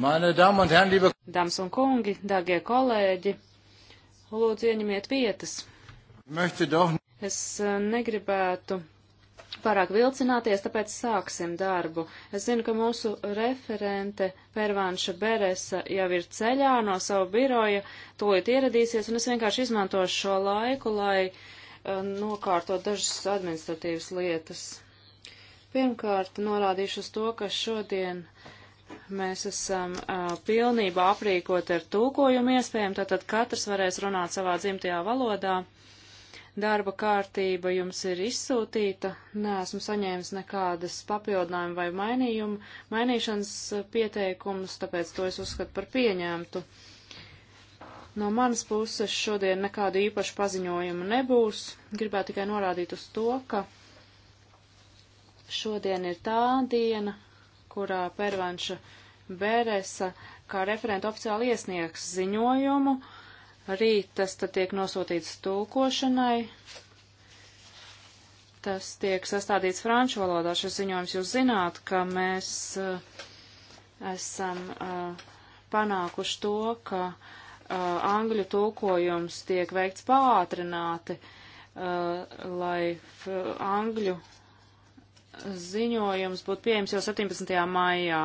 Meine Damen un Herren, liebe Dāmas un kungi, dārgie kolēģi, lūdzu ieņemiet vietas. Doch... Es eh, negribētu pārāk vilcināties, tāpēc sāksim darbu. Es zinu, ka mūsu referente Pervānša Beresa jau ir ceļā no savu biroja, tūlīt ieradīsies, un es vienkārši izmantošu šo laiku, lai uh, nokārtot dažas administratīvas lietas. Pirmkārt, norādīšu uz to, ka šodien uh, Mēs esam uh, pilnībā aprīkoti ar tūkojumu iespējām, tātad katrs varēs runāt savā dzimtajā valodā. Darba kārtība jums ir izsūtīta, neesmu saņēmis nekādas papildinājumu vai mainījumu, mainīšanas pieteikumus, tāpēc to es uzskatu par pieņēmtu. No manas puses šodien nekādu īpašu paziņojumu nebūs, gribētu tikai norādīt uz to, ka šodien ir tā diena, kurā Pervanša Bērēsa kā referenta oficiāli iesniegs ziņojumu. Rīt tas tad tiek nosūtīts tulkošanai. Tas tiek sastādīts franču valodā. Šis ziņojums jūs zināt, ka mēs uh, esam uh, panākuši to, ka uh, angļu tulkojums tiek veikts pātrināti, lai angļu ziņojums būtu pieejams jau 17. maijā.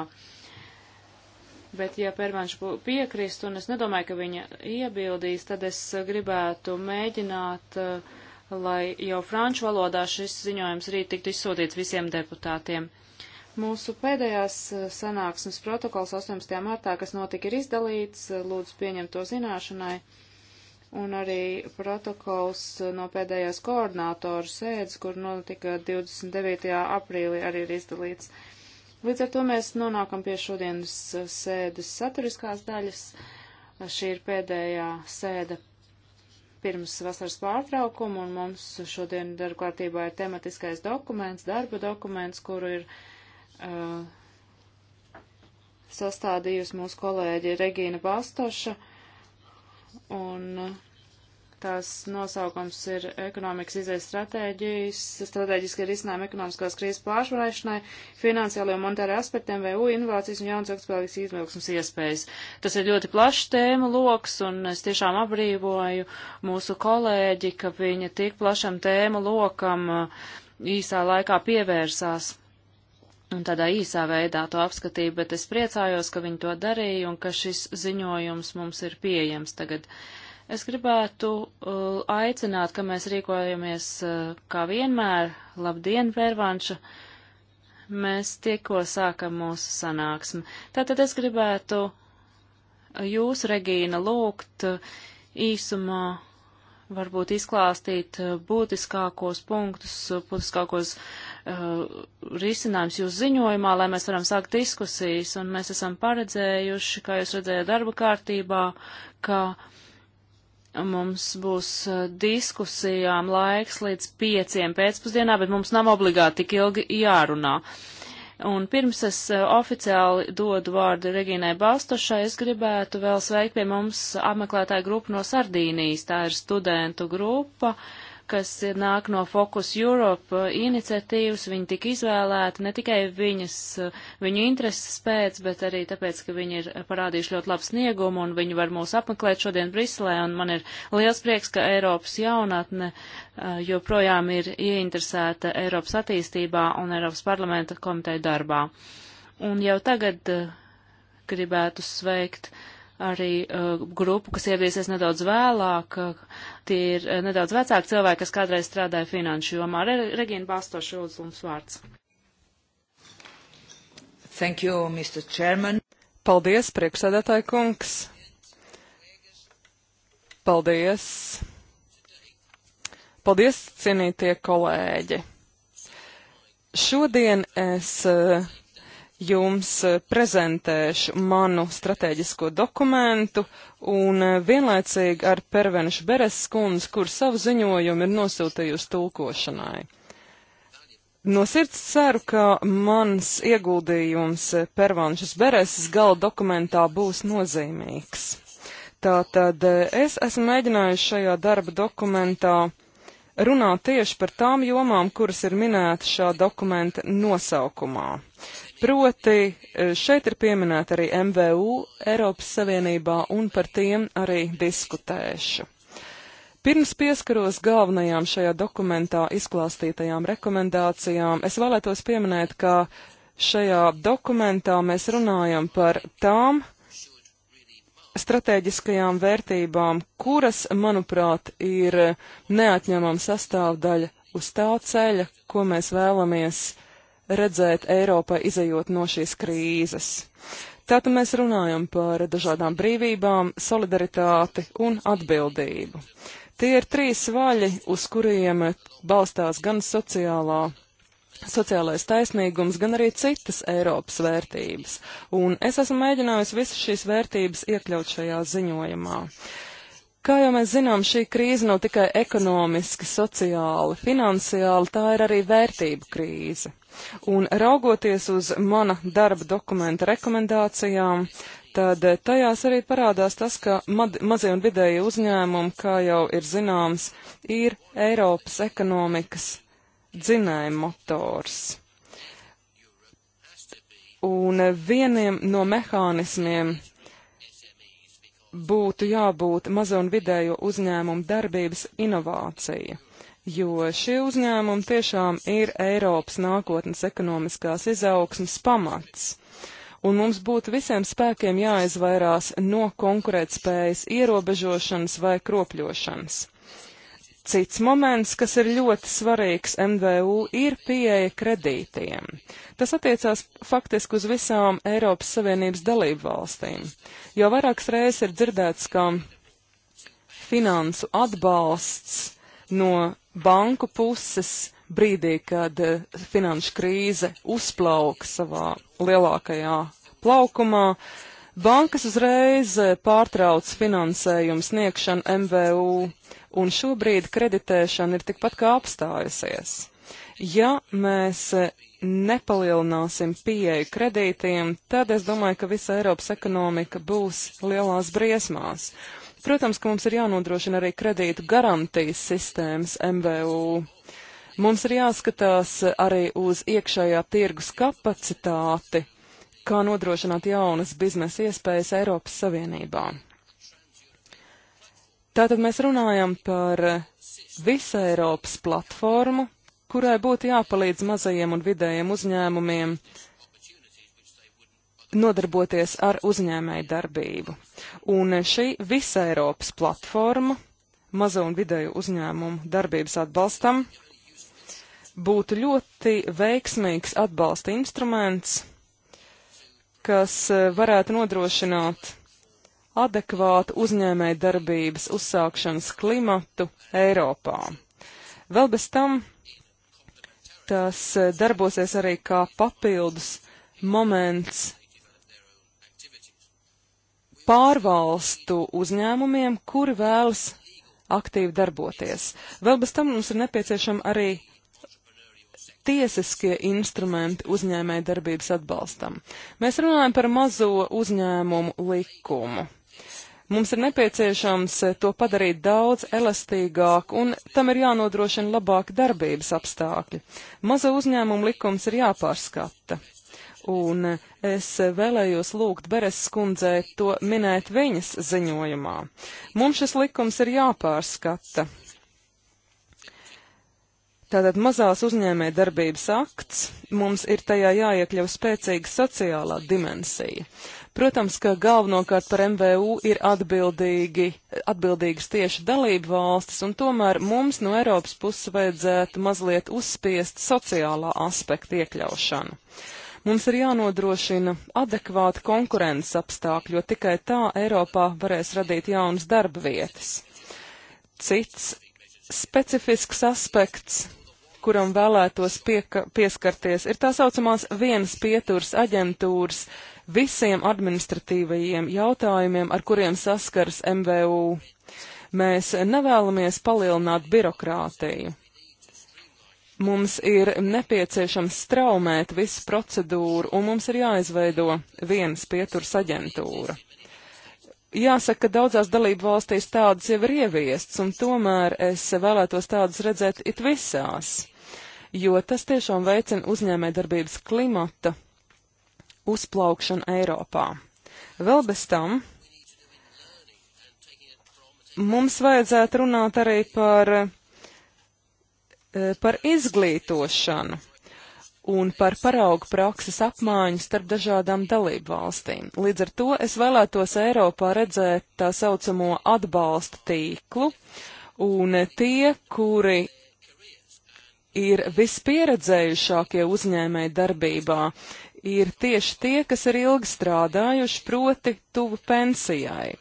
Bet, ja Pervanš piekristu, un es nedomāju, ka viņa iebildīs, tad es gribētu mēģināt, eh, lai jau franču valodā šis ziņojums rīt tiktu izsūtīts visiem deputātiem. Mūsu pēdējās eh, sanāksmes protokols 18. martā, kas notika, ir izdalīts. Lūdzu, pieņem to zināšanai un arī protokols no pēdējās koordinātoru sēdes, kur notika 29. aprīlī, arī ir izdalīts. Līdz ar to mēs nonākam pie šodienas sēdes saturiskās daļas. Šī ir pēdējā sēde pirms vasaras pārtraukuma, un mums šodien darba kārtībā ir tematiskais dokuments, darba dokuments, kuru ir uh, sastādījusi mūsu kolēģi Regīna Bastoša. Uh, un tās nosaukums ir ekonomikas izējas stratēģijas, strateģiski risinājumi ekonomiskās krīzes pārvarēšanai, finansiālajiem un monetāriem aspektiem, VU inovācijas un jaunas ilgspējīgas izvilksmes iespējas. Tas ir ļoti plašs tēma loks, un es tiešām apbrīvoju mūsu kolēģi, ka viņa tik plašam tēma lokam uh, īsā laikā pievērsās un tādā īsā veidā to apskatīju, bet es priecājos, ka viņi to darīja un ka šis ziņojums mums ir pieejams tagad. Es gribētu uh, aicināt, ka mēs rīkojamies uh, kā vienmēr. Labdien, Pērvanša! Mēs tikko sākam mūsu sanāksmi. Tātad es gribētu jūs, Regīna, lūgt uh, īsumā varbūt izklāstīt uh, būtiskākos punktus, uh, būtiskākos uh, uh, risinājums jūs ziņojumā, lai mēs varam sākt diskusijas, un mēs esam paredzējuši, kā jūs redzējāt darba kārtībā, ka mums būs uh, diskusijām laiks līdz pieciem pēcpusdienā, bet mums nav obligāti tik ilgi jārunā. Un pirms es uh, oficiāli dodu vārdu Regīnai Balstošai, es gribētu vēl sveikt pie mums apmeklētāju grupu no Sardīnijas. Tā ir studentu grupa. Uh, kas nāk no Focus Europe uh, iniciatīvas. Viņi tika izvēlēti ne tikai viņas, uh, viņu intereses pēc, bet arī tāpēc, ka viņi ir parādījuši ļoti labu sniegumu un viņi var mūs apmeklēt šodien Briselē. Un man ir liels prieks, ka Eiropas jaunatne uh, joprojām ir ieinteresēta Eiropas attīstībā un Eiropas parlamenta komiteja darbā. Un jau tagad gribētu sveikt uh, arī uh, grupu, kas ieviesies nedaudz vēlāk. Uh, tie ir uh, nedaudz vecāki cilvēki, kas kādreiz strādāja finanšu jomā. Re Regina Bastoša, lūdzu, mums vārds. Thank you, Mr. Chairman. Paldies, priekšsēdētāji kungs. Paldies. Paldies, cienītie kolēģi. Šodien es uh, jums e, prezentēšu manu strateģisko dokumentu un e, vienlaicīgi ar Pervenšu Beres kundzi, kur savu ziņojumu ir nosūtījusi tulkošanai. No sirds ceru, ka mans ieguldījums e, Pervenšas Bereses gala dokumentā būs nozīmīgs. Tātad es esmu mēģinājusi šajā darba dokumentā runā tieši par tām jomām, kuras ir minētas šā dokumenta nosaukumā. Proti, e, šeit ir pieminēta arī MVU Eiropas Savienībā un par tiem arī diskutēšu. Pirms pieskaros galvenajām šajā dokumentā izklāstītajām rekomendācijām, es vēlētos pieminēt, ka šajā dokumentā mēs runājam par tām stratēģiskajām vērtībām, kuras, manuprāt, ir neatņemama sastāvdaļa uz tā ceļa, ko mēs vēlamies redzēt Eiropai izējot no šīs krīzes. Tātad mēs runājam par dažādām brīvībām, solidaritāti un atbildību. Tie ir trīs vaļi, uz kuriem balstās gan sociālā sociālais taisnīgums, gan arī citas Eiropas vērtības, un es esmu mēģinājusi visas šīs vērtības iekļaut šajā ziņojumā. Kā jau mēs zinām, šī krīze nav tikai ekonomiski, sociāli, finansiāli, tā ir arī vērtību krīze. Un raugoties uz mana darba dokumenta rekomendācijām, tad tajās arī parādās tas, ka mazie un vidēji uzņēmumi, kā jau ir zināms, ir Eiropas ekonomikas dzinēja motors. Un vieniem no mehānismiem, būtu jābūt mazo un vidējo uzņēmumu darbības inovācija, jo šie uzņēmumi tiešām ir Eiropas nākotnes ekonomiskās izaugsmas pamats. Un mums būtu visiem spēkiem jāizvairās no konkurētspējas ierobežošanas vai kropļošanas. Cits moments, kas ir ļoti svarīgs MVU, ir pieeja kredītiem. Tas attiecās faktiski uz visām Eiropas Savienības dalību valstīm, jo vairākas reizes ir dzirdēts, ka finansu atbalsts no banku puses brīdī, kad eh, finanšu krīze uzplauka savā lielākajā plaukumā, uh, Bankas uzreiz eh, pārtrauc finansējumu sniegšanu MVU, un šobrīd kreditēšana ir tikpat kā apstājusies. Ja mēs eh, nepalielināsim pieeju kredītiem, tad es domāju, ka visa Eiropas ekonomika būs lielās briesmās. Protams, ka mums ir jānodrošina arī kredītu garantijas sistēmas MVU. Mums ir jāskatās arī uz iekšējā tirgus kapacitāti kā nodrošināt jaunas biznesa iespējas Eiropas Savienībā. Tātad mēs runājam par visu Eiropas platformu, kurai būtu jāpalīdz mazajiem un vidējiem uzņēmumiem nodarboties ar uzņēmēju darbību. Un šī visa Eiropas platforma mazo un vidēju uzņēmumu darbības atbalstam būtu ļoti veiksmīgs atbalsta instruments kas e, varētu nodrošināt adekvātu uzņēmēju darbības uzsākšanas klimatu Eiropā. Vēl bez tam tas e, darbosies arī kā papildus moments pārvalstu uzņēmumiem, kuri vēlas aktīvi darboties. Vēl bez tam mums ir nepieciešama arī tiesiskie instrumenti uzņēmēja darbības atbalstam. Mēs runājam par mazo uzņēmumu likumu. Mums ir nepieciešams eh, to padarīt daudz elastīgāk, un tam ir jānodrošina labāki darbības apstākļi. Mazo uzņēmumu likums ir jāpārskata. Un eh, es vēlējos lūgt Beres skundzē to minēt viņas ziņojumā. Mums šis likums ir jāpārskata, Tātad mazās uzņēmē darbības akts, mums ir tajā jāiekļauj spēcīga sociālā dimensija. Protams, ka galvenokārt par MVU ir atbildīgi, atbildīgas tieši dalību valstis, un tomēr mums no Eiropas puses vajadzētu mazliet uzspiest sociālā aspekta iekļaušanu. Mums ir jānodrošina adekvāti konkurences apstākļi, jo tikai tā Eiropā varēs radīt jaunas darba vietas. Cits specifisks aspekts kuram vēlētos pieka, pieskarties, ir tā saucamās vienas pieturas aģentūras visiem administratīvajiem jautājumiem, ar kuriem saskars MVU. Mēs nevēlamies palielināt birokrātiju. Mums ir nepieciešams straumēt visu procedūru, un mums ir jāizveido vienas pieturas aģentūra. Jāsaka, ka daudzās dalību valstīs tādas jau ir ieviestas, un tomēr es vēlētos tādas redzēt it visās jo tas tiešām veicina uzņēmē darbības klimata uzplaukšanu Eiropā. Vēl bez tam mums vajadzētu runāt arī par, e, par izglītošanu un par paraugu prakses apmaiņu starp dažādām dalību valstīm. Līdz ar to es vēlētos Eiropā redzēt tā saucamo atbalsta tīklu, un tie, kuri ir vispieredzējušākie uzņēmēji darbībā, ir tieši tie, kas ir ilgi strādājuši, proti tuvu pensijai.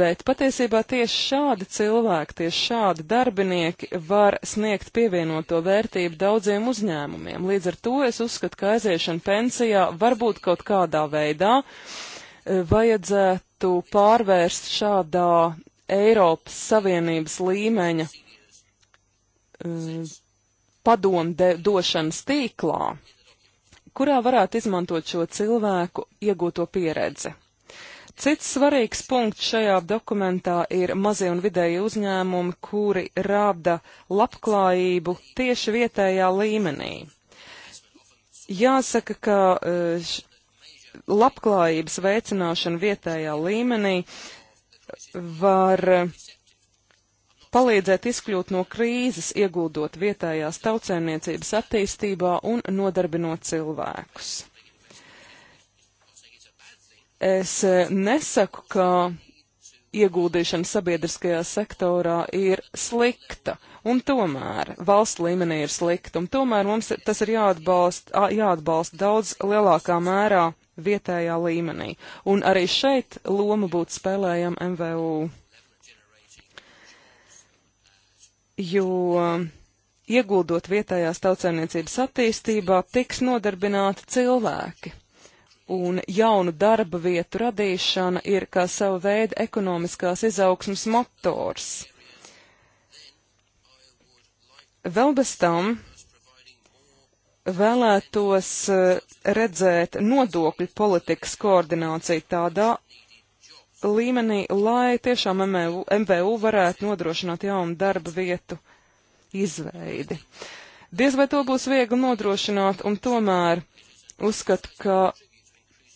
Bet patiesībā tieši šādi cilvēki, tieši šādi darbinieki var sniegt pievienoto vērtību daudziem uzņēmumiem. Līdz ar to es uzskatu, ka aiziešana pensijā varbūt kaut kādā veidā vajadzētu pārvērst šādā Eiropas Savienības līmeņa eh, padomdošanas tīklā, kurā varētu izmantot šo cilvēku iegūto pieredzi. Cits svarīgs punkts šajā dokumentā ir mazie un vidēji uzņēmumi, kuri rāda labklājību tieši vietējā līmenī. Jāsaka, ka eh, labklājības veicināšana vietējā līmenī var palīdzēt izkļūt no krīzes, ieguldot vietējās tautsēmniecības attīstībā un nodarbinot cilvēkus. Es e, nesaku, ka ieguldīšana sabiedriskajā sektorā ir slikta, un tomēr valsts līmenī ir slikta, un tomēr mums tas ir jāatbalsta, jāatbalsta daudz lielākā mērā vietējā līmenī, un arī šeit loma būtu spēlējama MVU. jo ieguldot vietējās tautsēmniecības attīstībā, tiks nodarbināti cilvēki. Un jaunu darba vietu radīšana ir kā sava veida ekonomiskās izaugsmas motors. Vēl bez tam vēlētos eh, redzēt nodokļu politikas koordināciju tādā līmenī, lai tiešām MVU varētu nodrošināt jaunu darba vietu izveidi. Diez vai to būs viegli nodrošināt, un tomēr uzskatu, ka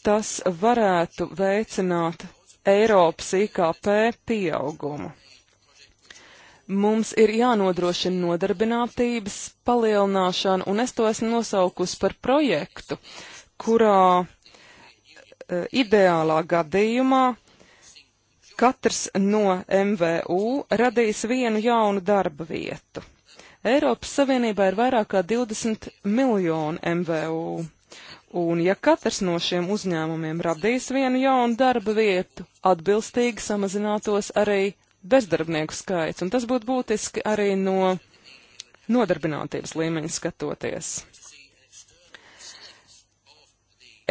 tas varētu veicināt Eiropas IKP pieaugumu. Mums ir jānodrošina nodarbinātības palielināšana, un es to esmu nosaukusi par projektu, kurā e, ideālā gadījumā Katrs no MVU radīs vienu jaunu darba vietu. Eiropas Savienībā ir vairāk kā 20 miljoni MVU. Un ja katrs no šiem uzņēmumiem radīs vienu jaunu darba vietu, atbilstīgi samazinātos arī bezdarbnieku skaits, un tas būtu būtiski arī no nodarbinātības līmeņa skatoties.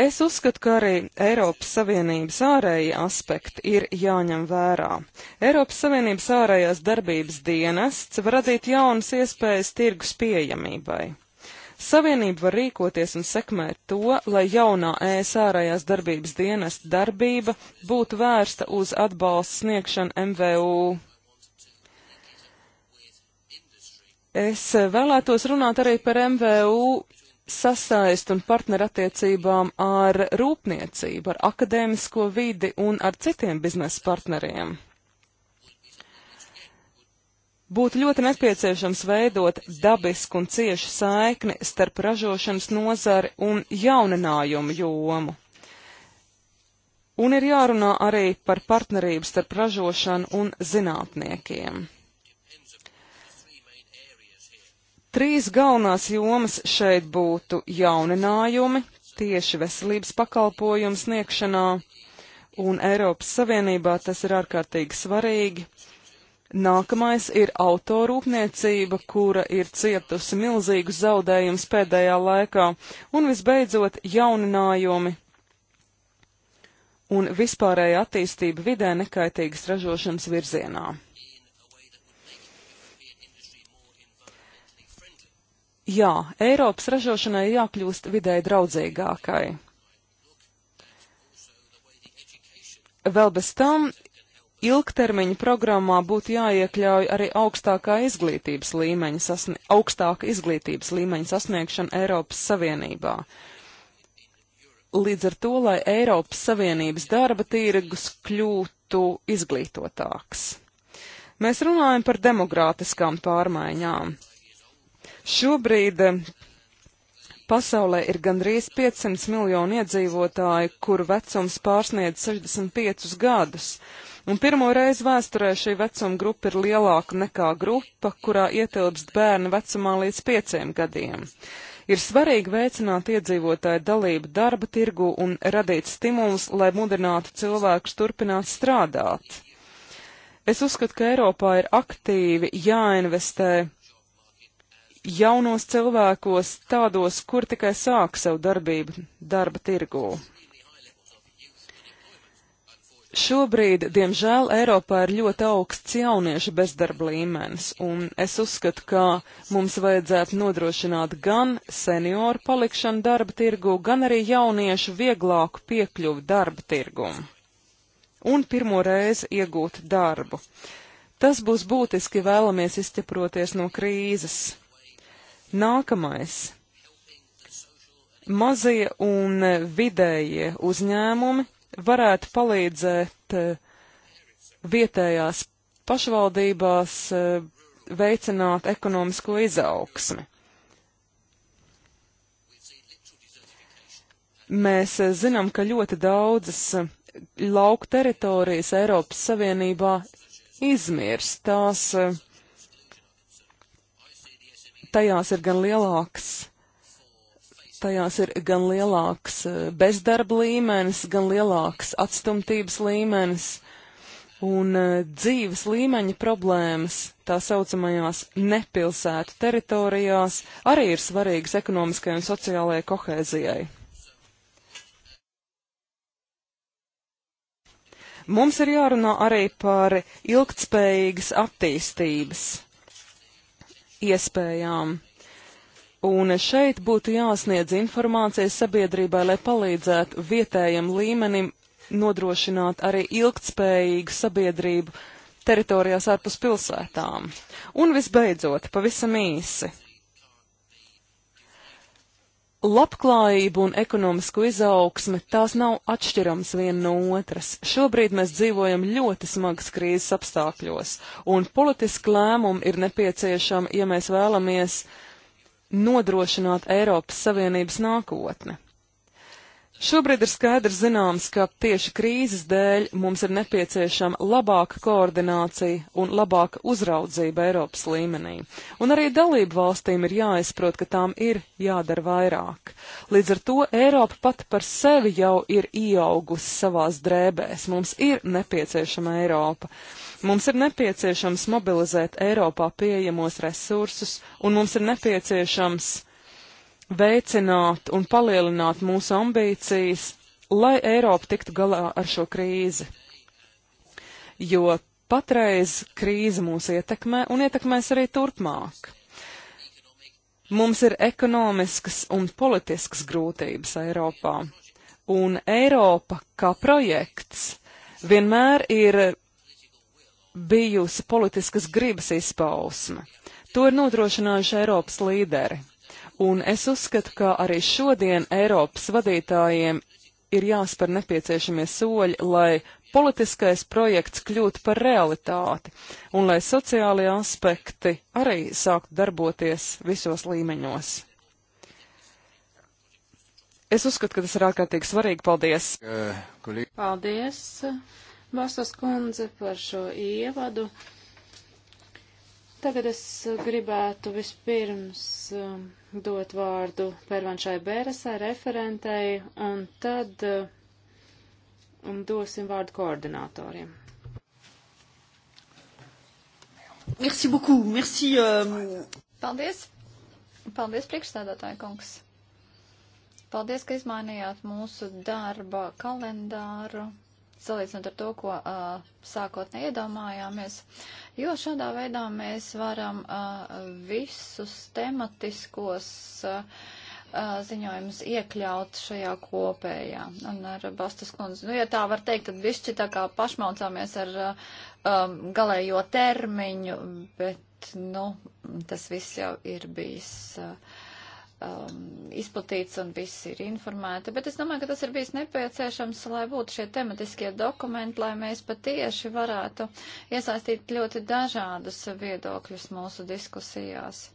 Es uzskatu, ka arī Eiropas Savienības ārējie aspekti ir jāņem vērā. Eiropas Savienības ārējās darbības dienests var radīt jaunas iespējas tirgus pieejamībai. Savienība var rīkoties un sekmēt to, lai jaunā ES ārējās darbības dienesta darbība būtu vērsta uz atbalstu sniegšanu MVU. Es vēlētos runāt arī par MVU sasaist un partnerattiecībām ar rūpniecību, ar akadēmisko vidi un ar citiem biznesa partneriem. Būtu ļoti nepieciešams veidot dabisku un ciešu saikni starp ražošanas nozari un jauninājumu jomu. Un ir jārunā arī par partnerību starp ražošanu un zinātniekiem. Trīs galvenās jomas šeit būtu jauninājumi tieši veselības pakalpojumu sniegšanā, un Eiropas Savienībā tas ir ārkārtīgi svarīgi. Nākamais ir autorūpniecība, kura ir cietusi milzīgus zaudējumus pēdējā laikā, un visbeidzot jauninājumi un vispārēja attīstība vidē nekaitīgas ražošanas virzienā. jā, Eiropas ražošanai jākļūst vidēji draudzīgākai. Vēl bez tam ilgtermiņa programmā būtu jāiekļauj arī augstākā izglītības līmeņa, sasni augstāka izglītības līmeņa sasniegšana Eiropas Savienībā. Līdz ar to, lai Eiropas Savienības darba tirgus kļūtu izglītotāks. Mēs runājam par demokrātiskām pārmaiņām. Šobrīd eh, Pasaulē ir gandrīz 500 miljoni iedzīvotāju, kuru vecums pārsniedz 65 gadus. Un pirmo reizi vēsturē šī vecuma grupa ir lielāka nekā grupa, kurā ietilpst bērni vecumā līdz 5 gadiem. Ir svarīgi veicināt iedzīvotāju dalību darba tirgu un radīt stimulus, lai mudinātu cilvēkus turpināt strādāt. Es uzskatu, ka Eiropā ir aktīvi jāinvestē jaunos cilvēkos, tādos, kur tikai sāk savu darbību darba tirgū. Šobrīd, diemžēl, Eiropā ir ļoti augsts jauniešu bezdarba līmenis, un es uzskatu, ka mums vajadzētu nodrošināt gan senioru palikšanu darba tirgu, gan arī jauniešu vieglāku piekļuvu darba tirgumu un pirmo reizi iegūt darbu. Tas būs būtiski vēlamies izķeproties no krīzes. Nākamais. Mazie un vidējie uzņēmumi varētu palīdzēt eh, vietējās pašvaldībās eh, veicināt ekonomisko izaugsmi. Mēs eh, zinām, ka ļoti daudzas lauku teritorijas Eiropas Savienībā izmirst. Tās uh, tajās ir gan lielāks, tajās ir gan lielāks eh, bezdarba līmenis, gan lielāks atstumtības līmenis un eh, dzīves līmeņa problēmas tā saucamajās nepilsētu teritorijās arī ir svarīgas ekonomiskajai un sociālajai kohēzijai. Mums ir jārunā arī par ilgtspējīgas attīstības iespējām. Un šeit būtu jāsniedz informācija sabiedrībai, lai palīdzētu vietējiem līmenim nodrošināt arī ilgtspējīgu sabiedrību teritorijās ārpus pilsētām. Un visbeidzot, pavisam īsi Labklājība un ekonomisko izaugsme tās nav atšķirams viena no otras. Šobrīd mēs dzīvojam ļoti smagas krīzes apstākļos, un politiski lēmumi ir nepieciešami, ja mēs vēlamies nodrošināt Eiropas Savienības nākotni. Šobrīd ir skaidrs zināms, ka tieši krīzes dēļ mums ir nepieciešama labāka koordinācija un labāka uzraudzība Eiropas līmenī. Un arī dalību valstīm ir jāizprot, ka tām ir jādara vairāk. Līdz ar to Eiropa pat par sevi jau ir ieaugusi savās drēbēs. Mums ir nepieciešama Eiropa. Mums ir nepieciešams mobilizēt Eiropā pieejamos resursus, un mums ir nepieciešams veicināt un palielināt mūsu ambīcijas, lai Eiropa tiktu galā ar šo krīzi. Jo patreiz krīze mūs ietekmē un ietekmēs arī turpmāk. Mums ir ekonomiskas un politiskas grūtības Eiropā, un Eiropa kā projekts vienmēr ir bijusi politiskas gribas izpausme. To ir nodrošinājuši Eiropas līderi. Un es uzskatu, ka arī šodien Eiropas vadītājiem ir jāspēr nepieciešamie soļi, lai politiskais projekts kļūtu par realitāti un lai sociālie aspekti arī sāktu darboties visos līmeņos. Es uzskatu, ka tas ir ārkārtīgi svarīgi. Paldies! Paldies, Bastos kundze, par šo ievadu. Tagad es gribētu vispirms. Um, dot vārdu Pervanšai Bēresai, referentei, un tad uh, un dosim vārdu koordinatoriem. Merci beaucoup, merci. Um... Paldies. Paldies, priekšstādātāja kungs. Paldies, ka izmainījāt mūsu darba kalendāru salīdzinot ar to, ko uh, sākotnēji iedomājāmies, jo šādā veidā mēs varam uh, visus tematiskos uh, ziņojumus iekļaut šajā kopējā. Un ar Bastas kundzi, nu, ja tā var teikt, tad višķi tā kā pašmaucāmies ar um, galējo termiņu, bet, nu, tas viss jau ir bijis. Uh, um, izplatīts un viss ir informēti, bet es domāju, ka tas ir bijis nepieciešams, lai būtu šie tematiskie dokumenti, lai mēs patieši varētu iesaistīt ļoti dažādus viedokļus mūsu diskusijās.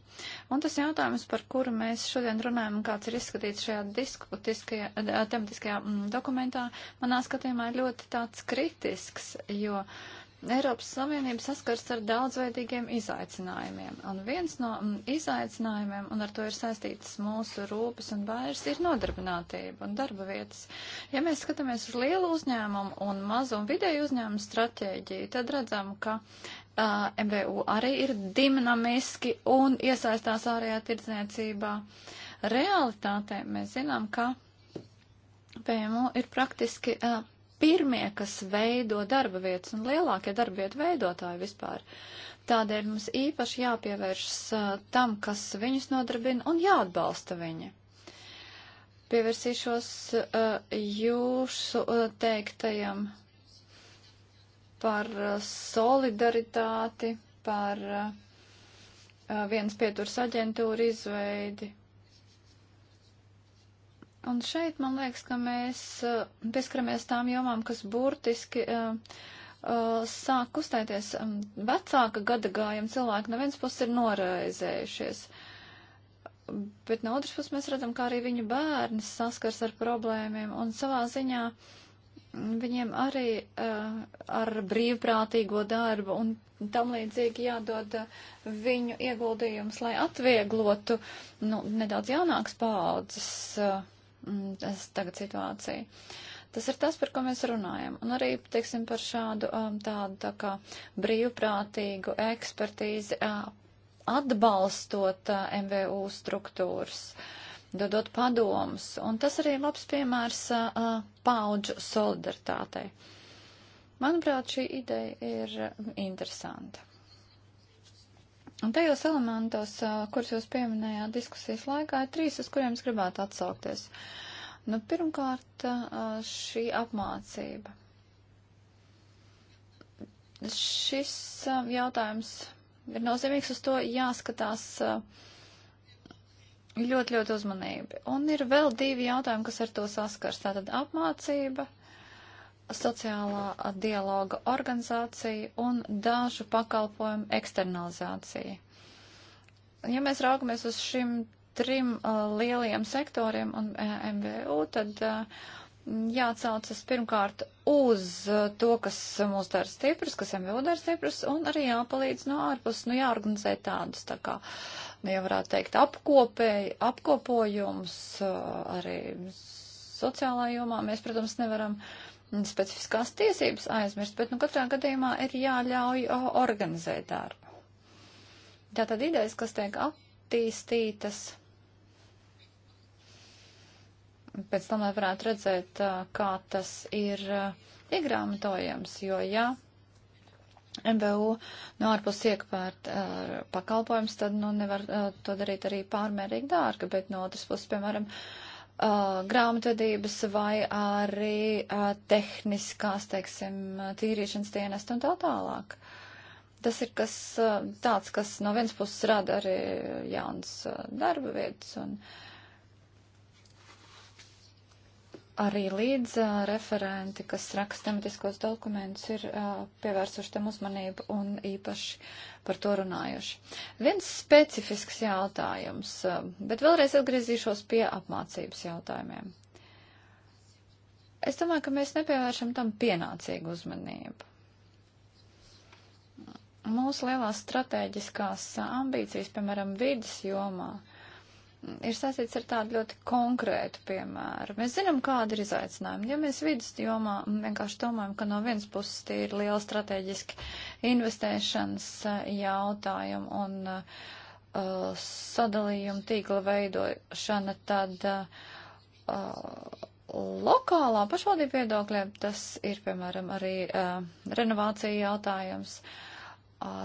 Un tas jautājums, par kuru mēs šodien runājam, kāds ir izskatīts šajā diskutiskajā, tematiskajā mm, dokumentā, manā skatījumā ir ļoti tāds kritisks, jo uh, Eiropas Savienība saskars ar daudzveidīgiem izaicinājumiem, un viens no mm, izaicinājumiem, un ar to ir saistītas mūsu rūpes un bairs, ir nodarbinātība un darba vietas. Ja mēs skatāmies uz lielu uzņēmumu un mazu un vidēju uzņēmumu stratēģiju, tad redzam, ka uh, MBU arī ir dinamiski un iesaistās ārējā tirdzniecībā. Realitātē mēs zinām, ka PMU ir praktiski. Uh, pirmie, kas veido darba vietas un lielākie darba vietu veidotāji vispār. Tādēļ mums īpaši jāpievēršas tam, kas viņus nodarbina un jāatbalsta viņi. Pievērsīšos jūsu teiktajam par solidaritāti, par vienas pieturas aģentūru izveidi, Un šeit man liekas, ka mēs eh, pieskaramies tām jomām, kas burtiski uh, sāk kustēties mm, vecāka gada gājuma cilvēki, no vienas puses ir noraizējušies. Bet no otras puses mēs redzam, kā arī viņu bērni saskars ar problēmiem un savā ziņā mm, viņiem arī uh, ar brīvprātīgo darbu un tam līdzīgi jādod viņu ieguldījums, lai atvieglotu nu, nedaudz jaunāks paaudzes. Uh, Mm, es tagad situāciju. Tas ir tas, par ko mēs runājam. Un arī, teiksim, par šādu um, tādu tā kā brīvprātīgu ekspertīzi uh, atbalstot uh, MVU struktūras, dodot padomus. Un tas arī ir labs piemērs uh, paudžu solidaritātei. Manuprāt, šī ideja ir um, interesanta. Un tajos elementos, kurus jūs pieminējāt diskusijas laikā, ir trīs, uz kuriem es gribētu atsaukties. Nu, pirmkārt, šī apmācība. Šis jautājums ir nozīmīgs, uz to jāskatās ļoti, ļoti uzmanību. Un ir vēl divi jautājumi, kas ar to saskars. Tātad apmācība sociālā dialoga organizācija un dažu pakalpojumu eksternalizācija. Ja mēs raugamies uz šim trim uh, lielajiem sektoriem un uh, MVU, tad uh, jācaucas pirmkārt uz uh, to, kas mūs dara stiprus, kas MVU dara stiprus, un arī jāpalīdz no ārpus, nu jāorganizē tādus tā kā, nu jau varētu teikt, apkopēji, apkopojums uh, arī sociālā jomā. Mēs, protams, nevaram uh, specifiskās tiesības aizmirst, bet nu katrā gadījumā ir jāļauj organizēt darbu. Tātad idejas, kas tiek attīstītas, pēc tam, lai varētu redzēt, kā tas ir iegrāmatojams, jo jā. Ja MBU no ārpus iekvērt uh, pakalpojums, tad nu, nevar uh, to darīt arī pārmērīgi dārgi, bet no otras puses, piemēram, uh, uh, grāmatvedības vai arī uh, tehniskās, teiksim, tīrīšanas dienestu un tā tālāk. Tas ir kas uh, tāds, kas no vienas puses rada arī jauns uh, darba vietas un uh, arī līdz uh, referenti, kas raksta tematiskos dokumentus, ir uh, pievērsuši tam uzmanību un īpaši par to runājuši. Viens specifisks jautājums, uh, bet vēlreiz atgriezīšos pie apmācības jautājumiem. Es domāju, ka mēs nepievēršam tam pienācīgu uzmanību. Mūsu lielās stratēģiskās ambīcijas, piemēram, vidas jomā, uh, ir sasīts ar tādu ļoti konkrētu piemēru. Mēs zinām, kāda ir izaicinājuma. Ja mēs vidus jomā vienkārši domājam, ka no vienas puses tie ir liela strateģiski investēšanas eh, jautājumi un uh, sadalījuma tīkla veidošana, tad uh, lokālā pašvaldība viedokļa tas ir, piemēram, arī uh, renovācija jautājums,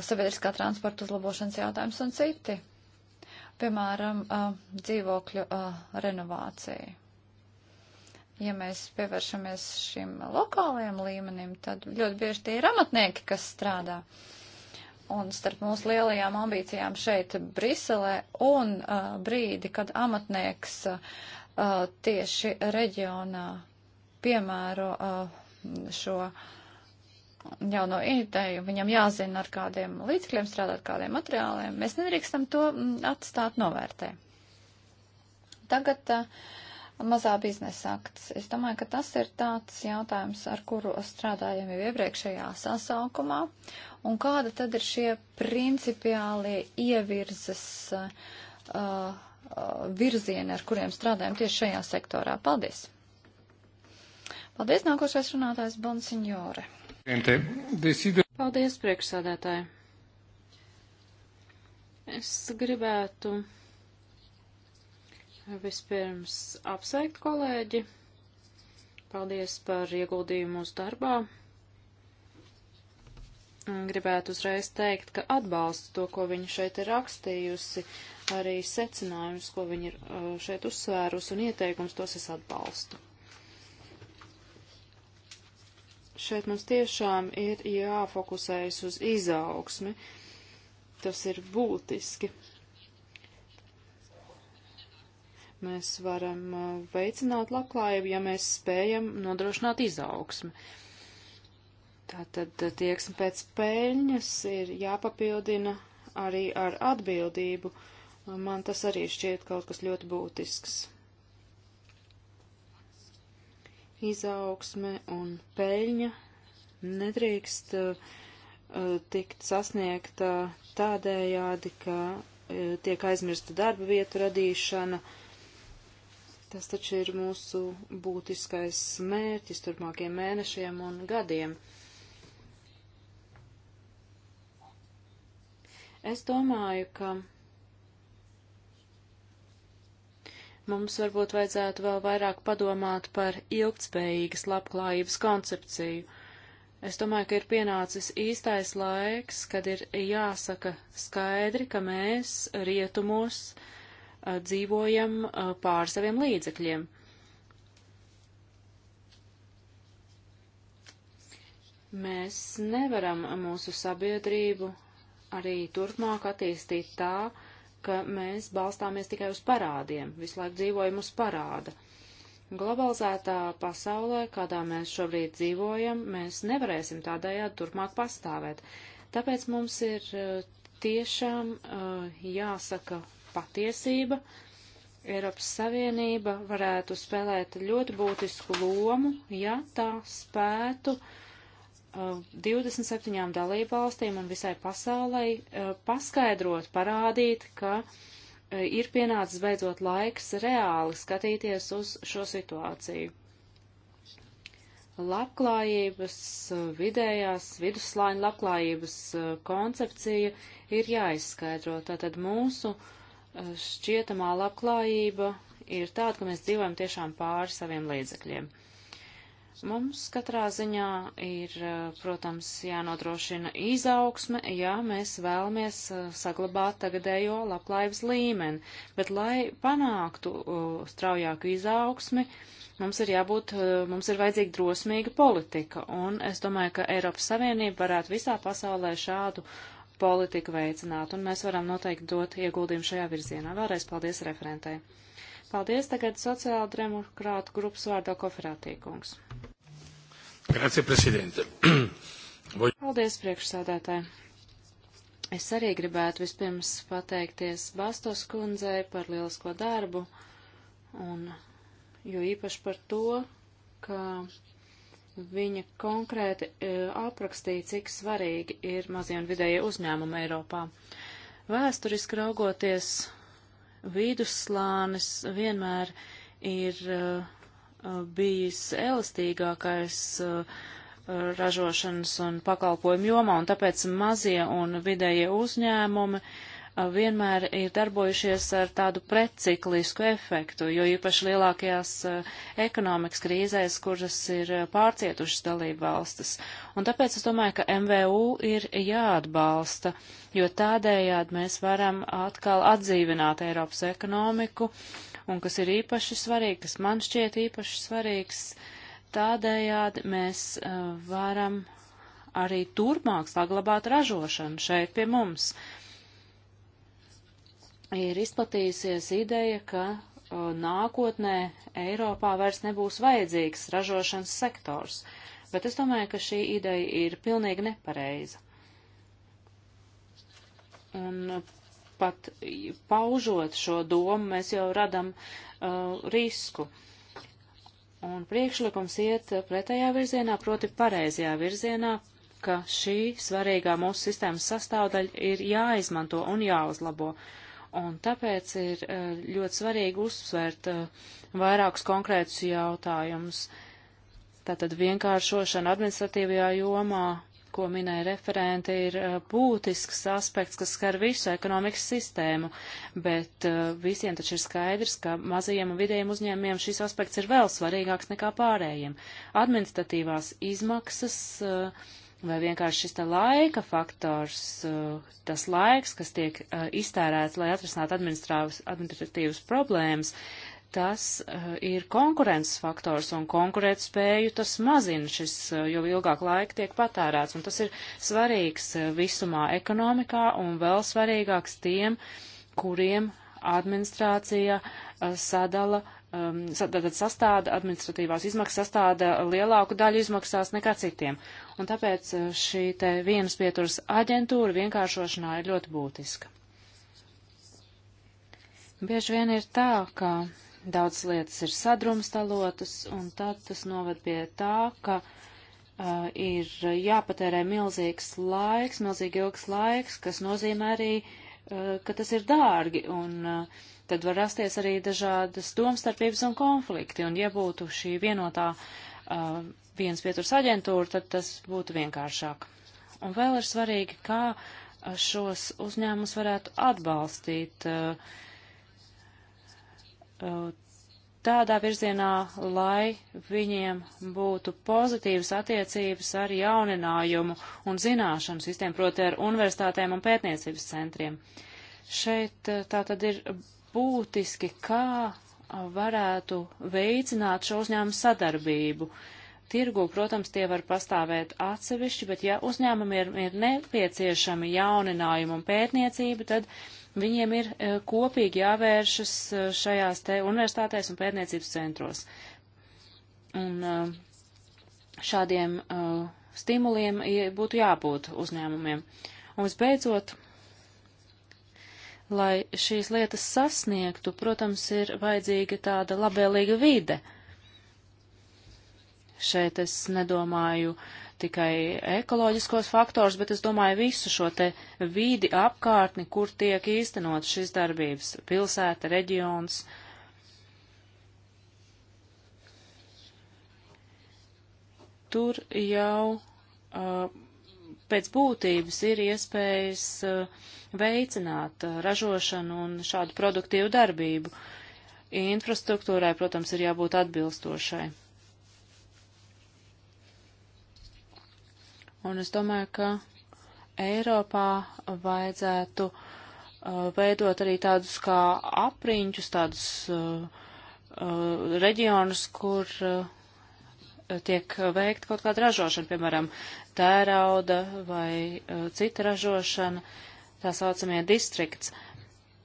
sabiedriskā transporta uzlabošanas jautājums un citi Piemēram, dzīvokļu renovācija. Ja mēs pievēršamies šim lokālajiem līmenim, tad ļoti bieži tie ir amatnieki, kas strādā. Un starp mūsu lielajām ambīcijām šeit Briselē un uh, brīdi, kad amatnieks uh, tieši reģionā piemēro uh, šo uh, jauno ideju, viņam jāzina, ar kādiem līdzekļiem strādāt, kādiem materiāliem. Mēs nedrīkstam to mm, atstāt novērtē. Tagad uh, mazā biznesa akts. Es domāju, ka tas ir tāds jautājums, ar kuru strādājam jau iepriekšējā sasaukumā. Un kāda tad ir šie principiālie ievirzes uh, uh, virzieni, ar kuriem strādājam tieši šajā sektorā? Paldies! Paldies, nākošais runātājs Bonsignore. Paldies, priekšsādātāji. Es gribētu vispirms apsveikt kolēģi. Paldies par ieguldījumu mūsu darbā. Gribētu uzreiz teikt, ka atbalstu to, ko viņa šeit ir rakstījusi, arī secinājumus, ko viņa ir uh, šeit uzsvērusi un ieteikums, tos es atbalstu. Šeit mums tiešām ir jāfokusējas uz izaugsmi. Tas ir būtiski. Mēs varam uh, veicināt labklājību, ja mēs spējam nodrošināt izaugsmi. Tātad uh, tieksme pēc peļņas ir jāpapildina arī ar atbildību. Man tas arī šķiet kaut kas ļoti būtisks. izaugsme un peļņa nedrīkst uh, tikt sasniegta tādējādi, ka uh, tiek aizmirsta darba vietu radīšana. Tas taču ir mūsu būtiskais mērķis turpmākiem mēnešiem un gadiem. Es domāju, ka Mums varbūt vajadzētu vēl vairāk padomāt par ilgtspējīgas labklājības koncepciju. Es domāju, ka ir pienācis īstais laiks, kad ir jāsaka skaidri, ka mēs rietumos dzīvojam pār saviem līdzekļiem. Mēs nevaram mūsu sabiedrību arī turpmāk attīstīt tā, ka mēs balstāmies tikai uz parādiem, visu laiku dzīvojam uz parāda. Globalizētā pasaulē, kādā mēs šobrīd dzīvojam, mēs nevarēsim tādējādi turpmāk pastāvēt. Tāpēc mums ir uh, tiešām uh, jāsaka patiesība. Eiropas Savienība varētu spēlēt ļoti būtisku lomu, ja tā spētu uh, 27 uh, dalībvalstīm un visai pasaulē uh, paskaidrot, parādīt, ka uh, ir pienācis beidzot laiks reāli skatīties uz šo situāciju. Labklājības, vidējās, vidusslāņa labklājības koncepcija ir jāizskaidro. Tātad mūsu šķietamā labklājība ir tāda, ka mēs dzīvojam tiešām pāri saviem līdzekļiem. Mums katrā ziņā ir, eh, protams, jānodrošina izaugsme, ja mēs vēlamies eh, saglabāt tagadējo labklājības līmeni, bet lai panāktu uh, straujāku izaugsmi, mums ir jābūt, uh, mums ir vajadzīga drosmīga politika, un es domāju, ka Eiropas Savienība varētu visā pasaulē šādu politiku veicināt, un mēs varam noteikti dot ieguldījumu šajā virzienā. Vēlreiz paldies referentei. Paldies tagad sociāldemokrātu grupas vārdā Koferātīkungs. Grazie, prezidente. Paldies, priekšsādātāji. Es arī gribētu vispirms pateikties Bastos kundzei par lielisko darbu, un jo īpaši par to, ka viņa konkrēti e, aprakstīja, cik svarīgi ir mazie un vidējie uzņēmumi Eiropā. Vēsturiski raugoties, vidusslānis vienmēr ir uh, Uh, bijis elastīgākais uh, ražošanas un pakalpojumu jomā, un tāpēc mazie un vidējie uzņēmumi uh, vienmēr ir darbojušies ar tādu preciklisku efektu, jo īpaši lielākajās ekonomikas krīzēs, kuras ir pārcietušas dalību valstis. Un tāpēc es domāju, ka MVU ir jāatbalsta, jo tādējādi mēs varam atkal atdzīvināt Eiropas ekonomiku un kas ir īpaši svarīgi, kas man šķiet īpaši svarīgs. Tādējādi mēs uh, varam arī turpmāk saglabāt ražošanu šeit pie mums. Ir izplatījusies ideja, ka uh, nākotnē Eiropā vairs nebūs vajadzīgs ražošanas sektors, bet es domāju, ka šī ideja ir pilnīgi nepareiza. Un uh, pat paužot šo domu, mēs jau radam uh, risku. Un priekšlikums iet pretējā virzienā, proti pareizajā virzienā, ka šī svarīgā mūsu sistēmas sastāvdaļa ir jāizmanto un jāuzlabo. Un tāpēc ir uh, ļoti svarīgi uzsvērt uh, vairākus konkrētus jautājumus. Tātad vienkāršošana administratīvajā jomā, ko minēja referente, ir eh, būtisks aspekts, kas skar visu ekonomikas sistēmu, bet eh, visiem taču ir skaidrs, ka mazajiem un vidējiem uzņēmiem šis aspekts ir vēl svarīgāks nekā pārējiem. Administratīvās izmaksas eh, vai vienkārši šis laika faktors, tas laiks, kas tiek iztērēts, lai atrisinātu administratīvas problēmas, tas eh, ir konkurences faktors un konkurēt spēju tas mazina šis, eh, jo ilgāk laika tiek patērēts. Un tas ir svarīgs eh, visumā ekonomikā un vēl svarīgāks tiem, kuriem administrācija sadala, ehm, tad sastāda administratīvās izmaksas sastāda lielāku daļu izmaksās nekā citiem. Un tāpēc šī te vienas pieturas aģentūra vienkāršošanā ir ļoti būtiska. Bieži vien ir tā, ka daudz lietas ir sadrumstalotas, un tad tas noved pie tā, ka uh, ir jāpatērē milzīgs laiks, milzīgi ilgs laiks, kas nozīmē arī, uh, ka tas ir dārgi, un uh, tad var rasties arī dažādas domstarpības un konflikti, un ja būtu šī vienotā uh, viens pieturs aģentūra, tad tas būtu vienkāršāk. Un vēl ir svarīgi, kā šos uzņēmumus varētu atbalstīt. Uh, Uh, tādā virzienā, lai viņiem būtu pozitīvas attiecības ar jauninājumu un zināšanu sistēmu, proti ar universitātēm un pētniecības centriem. Šeit uh, tā tad ir būtiski, kā varētu veicināt šo uzņēmumu sadarbību. Tirgu, protams, tie var pastāvēt atsevišķi, bet ja uzņēmumi ir, ir nepieciešami jauninājumi un pētniecība, tad uh, Viņiem ir e, kopīgi jāvēršas e, šajās te universitātēs un pētniecības centros. Un e, šādiem stimuliem būtu jābūt uzņēmumiem. Un visbeidzot, lai šīs lietas sasniegtu, protams, ir vajadzīga tāda labvēlīga vide. Šeit es nedomāju uh, tikai ekoloģiskos faktors, bet es domāju visu šo te vīdi apkārtni, kur tiek īstenot šis darbības - pilsēta, reģions. Tur jau uh, pēc būtības ir iespējas uh, veicināt uh, ražošanu un šādu produktīvu darbību. Infrastruktūrai, protams, ir jābūt atbilstošai. Un es domāju, ka Eiropā vajadzētu uh, veidot arī tādus kā apriņķus, tādus uh, uh, reģionus, kur uh, tiek veikta kaut kāda ražošana, piemēram, tērauda vai uh, cita ražošana, tā saucamie distrikts.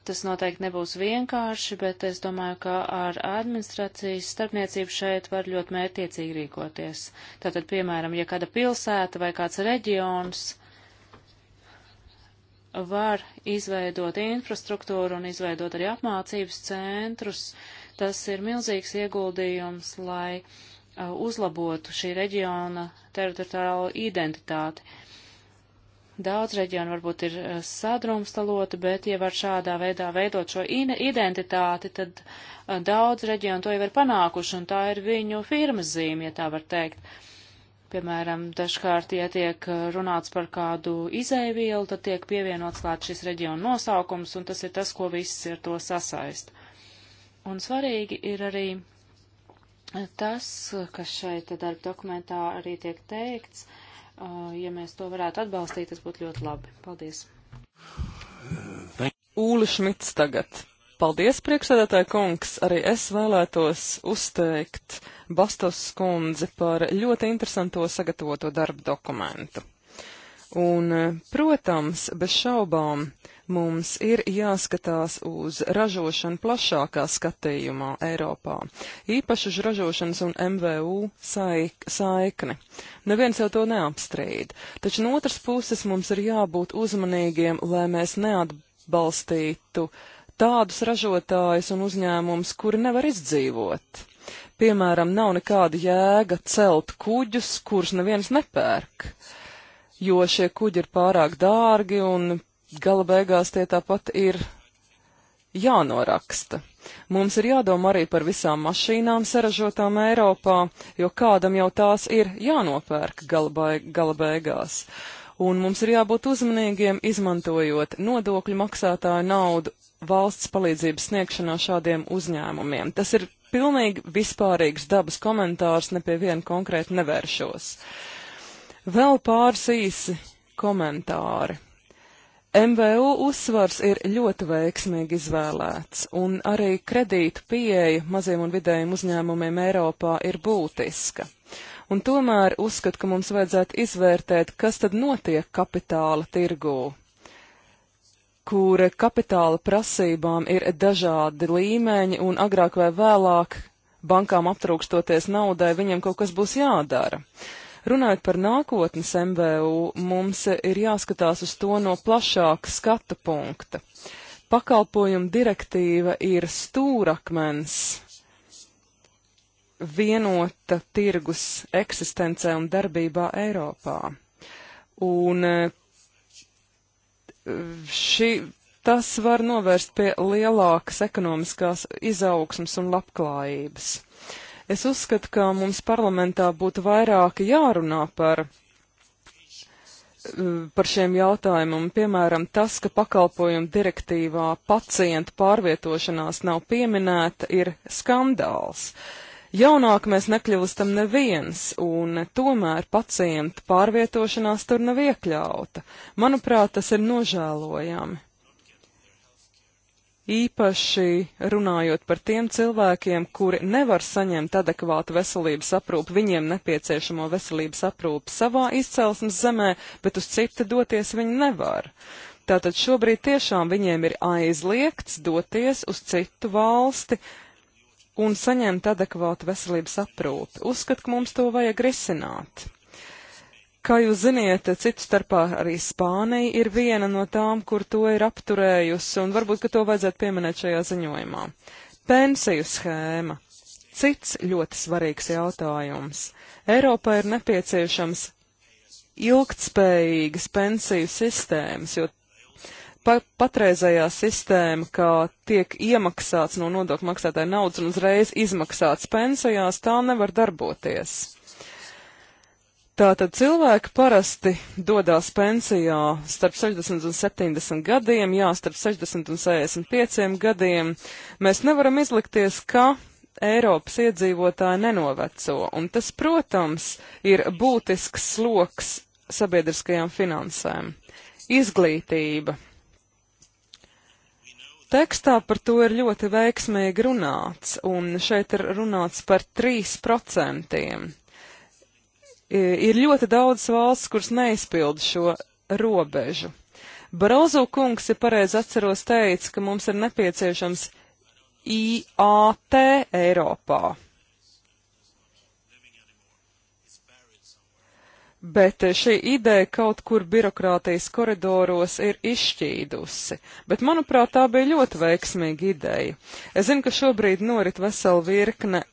Tas noteikti nebūs vienkārši, bet es domāju, ka ar administrācijas starpniecību šeit var ļoti mērtiecīgi rīkoties. Tātad, piemēram, ja kāda pilsēta vai kāds reģions var izveidot infrastruktūru un izveidot arī apmācības centrus, tas ir milzīgs ieguldījums, lai uh, uzlabotu šī reģiona teritoriālo identitāti. Uh, Daudz reģionu varbūt ir eh, sadrumstaloti, bet, ja var šādā veidā veidot šo identitāti, tad eh, daudz reģionu to jau ir panākuši, un tā ir viņu firmas zīme, ja tā var teikt. Piemēram, dažkārt, ja tiek eh, runāts par kādu izēvielu, tad tiek pievienots klāt šis reģiona nosaukums, un tas ir tas, ko viss ir to sasaist. Un svarīgi ir arī tas, kas šeit darba dokumentā arī tiek teikts, uh, Uh, ja mēs to varētu atbalstīt, tas būtu ļoti labi. Paldies. Ūli Šmits tagad. Paldies, priekšsēdētāji kungs! Arī es vēlētos uzteikt Bastos skundzi par ļoti interesanto sagatavoto darbu dokumentu. Un, eh, protams, bez šaubām, Mums ir jāskatās uz ražošanu plašākā skatījumā Eiropā, īpaši uz ražošanas un MVU saik saikni. Neviens jau to neapstrīd, taču no otras puses mums ir jābūt uzmanīgiem, lai mēs neatbalstītu tādus ražotājus un uzņēmumus, kuri nevar izdzīvot. Piemēram, nav nekāda jēga celt kuģus, kurus neviens nepērk, jo šie kuģi ir pārāk dārgi un gala beigās tie tāpat ir jānoraksta. Mums ir jādomā arī par visām mašīnām saražotām Eiropā, jo kādam jau tās ir jānopērk gala beigās. Un mums ir jābūt uzmanīgiem, izmantojot nodokļu maksātāju naudu valsts palīdzības sniegšanā šādiem uzņēmumiem. Tas ir pilnīgi vispārīgs dabas komentārs, ne pie viena konkrēti nevēršos. Vēl pāris īsi komentāri MVU uzsvars ir ļoti veiksmīgi izvēlēts, un arī kredītu pieeja maziem un vidējiem uzņēmumiem Eiropā ir būtiska. Un tomēr uzskatu, ka mums vajadzētu izvērtēt, kas tad notiek kapitāla tirgū, kur kapitāla prasībām ir dažādi līmeņi, un agrāk vai vēlāk bankām aptrūkstoties naudai, viņiem kaut kas būs jādara. Runājot par nākotnes MVU, mums ir jāskatās uz to no plašāka skatu punkta. Pakalpojumu direktīva ir stūrakmens vienota tirgus eksistencē un darbībā Eiropā. Un eh, šī, tas var novērst pie lielākas ekonomiskās izaugsmas un labklājības. Es uzskatu, ka mums parlamentā būtu vairāk jārunā par eh, par šiem jautājumiem, piemēram, tas, ka pakalpojumu direktīvā pacientu pārvietošanās nav pieminēta, ir skandāls. Jaunāk mēs nekļūstam neviens, un tomēr pacientu pārvietošanās tur nav iekļauta. Manuprāt, tas ir nožēlojami īpaši runājot par tiem cilvēkiem, kuri nevar saņemt adekvātu veselības aprūpu, viņiem nepieciešamo veselības aprūpu savā izcelsmes zemē, bet uz citu doties viņi nevar. Tātad šobrīd tiešām viņiem ir aizliegts doties uz citu valsti un saņemt adekvātu veselības aprūpi. Uzskat, ka mums to vajag risināt. Kā jūs ziniet, citu starpā arī Spānija ir viena no tām, kur to ir apturējusi, un varbūt, ka to vajadzētu pieminēt šajā ziņojumā. Pensiju schēma. Cits ļoti svarīgs jautājums. Eiropā ir nepieciešams ilgtspējīgas pensiju sistēmas, jo pa patreizējā sistēma, kā tiek iemaksāts no nodokļu maksātāja naudas un uzreiz izmaksāts pensijās, tā nevar darboties. Tātad cilvēki parasti dodās pensijā starp 60 un 70 gadiem, jā, starp 60 un 65 gadiem. Mēs nevaram izlikties, ka Eiropas iedzīvotāji nenoveco, un tas, protams, ir būtisks sloks sabiedriskajām finansēm. Izglītība. Tekstā par to ir ļoti veiksmīgi runāts, un šeit ir runāts par 3%. E, ir ļoti daudz valsts, kuras neizpilda šo robežu. Barozo kungs, ja pareizi atceros, teica, ka mums ir nepieciešams IAT Eiropā. Bet šī ideja kaut kur birokrātijas koridoros ir izšķīdusi, bet manuprāt tā bija ļoti veiksmīga ideja. Es zinu, ka šobrīd norit vesela virkne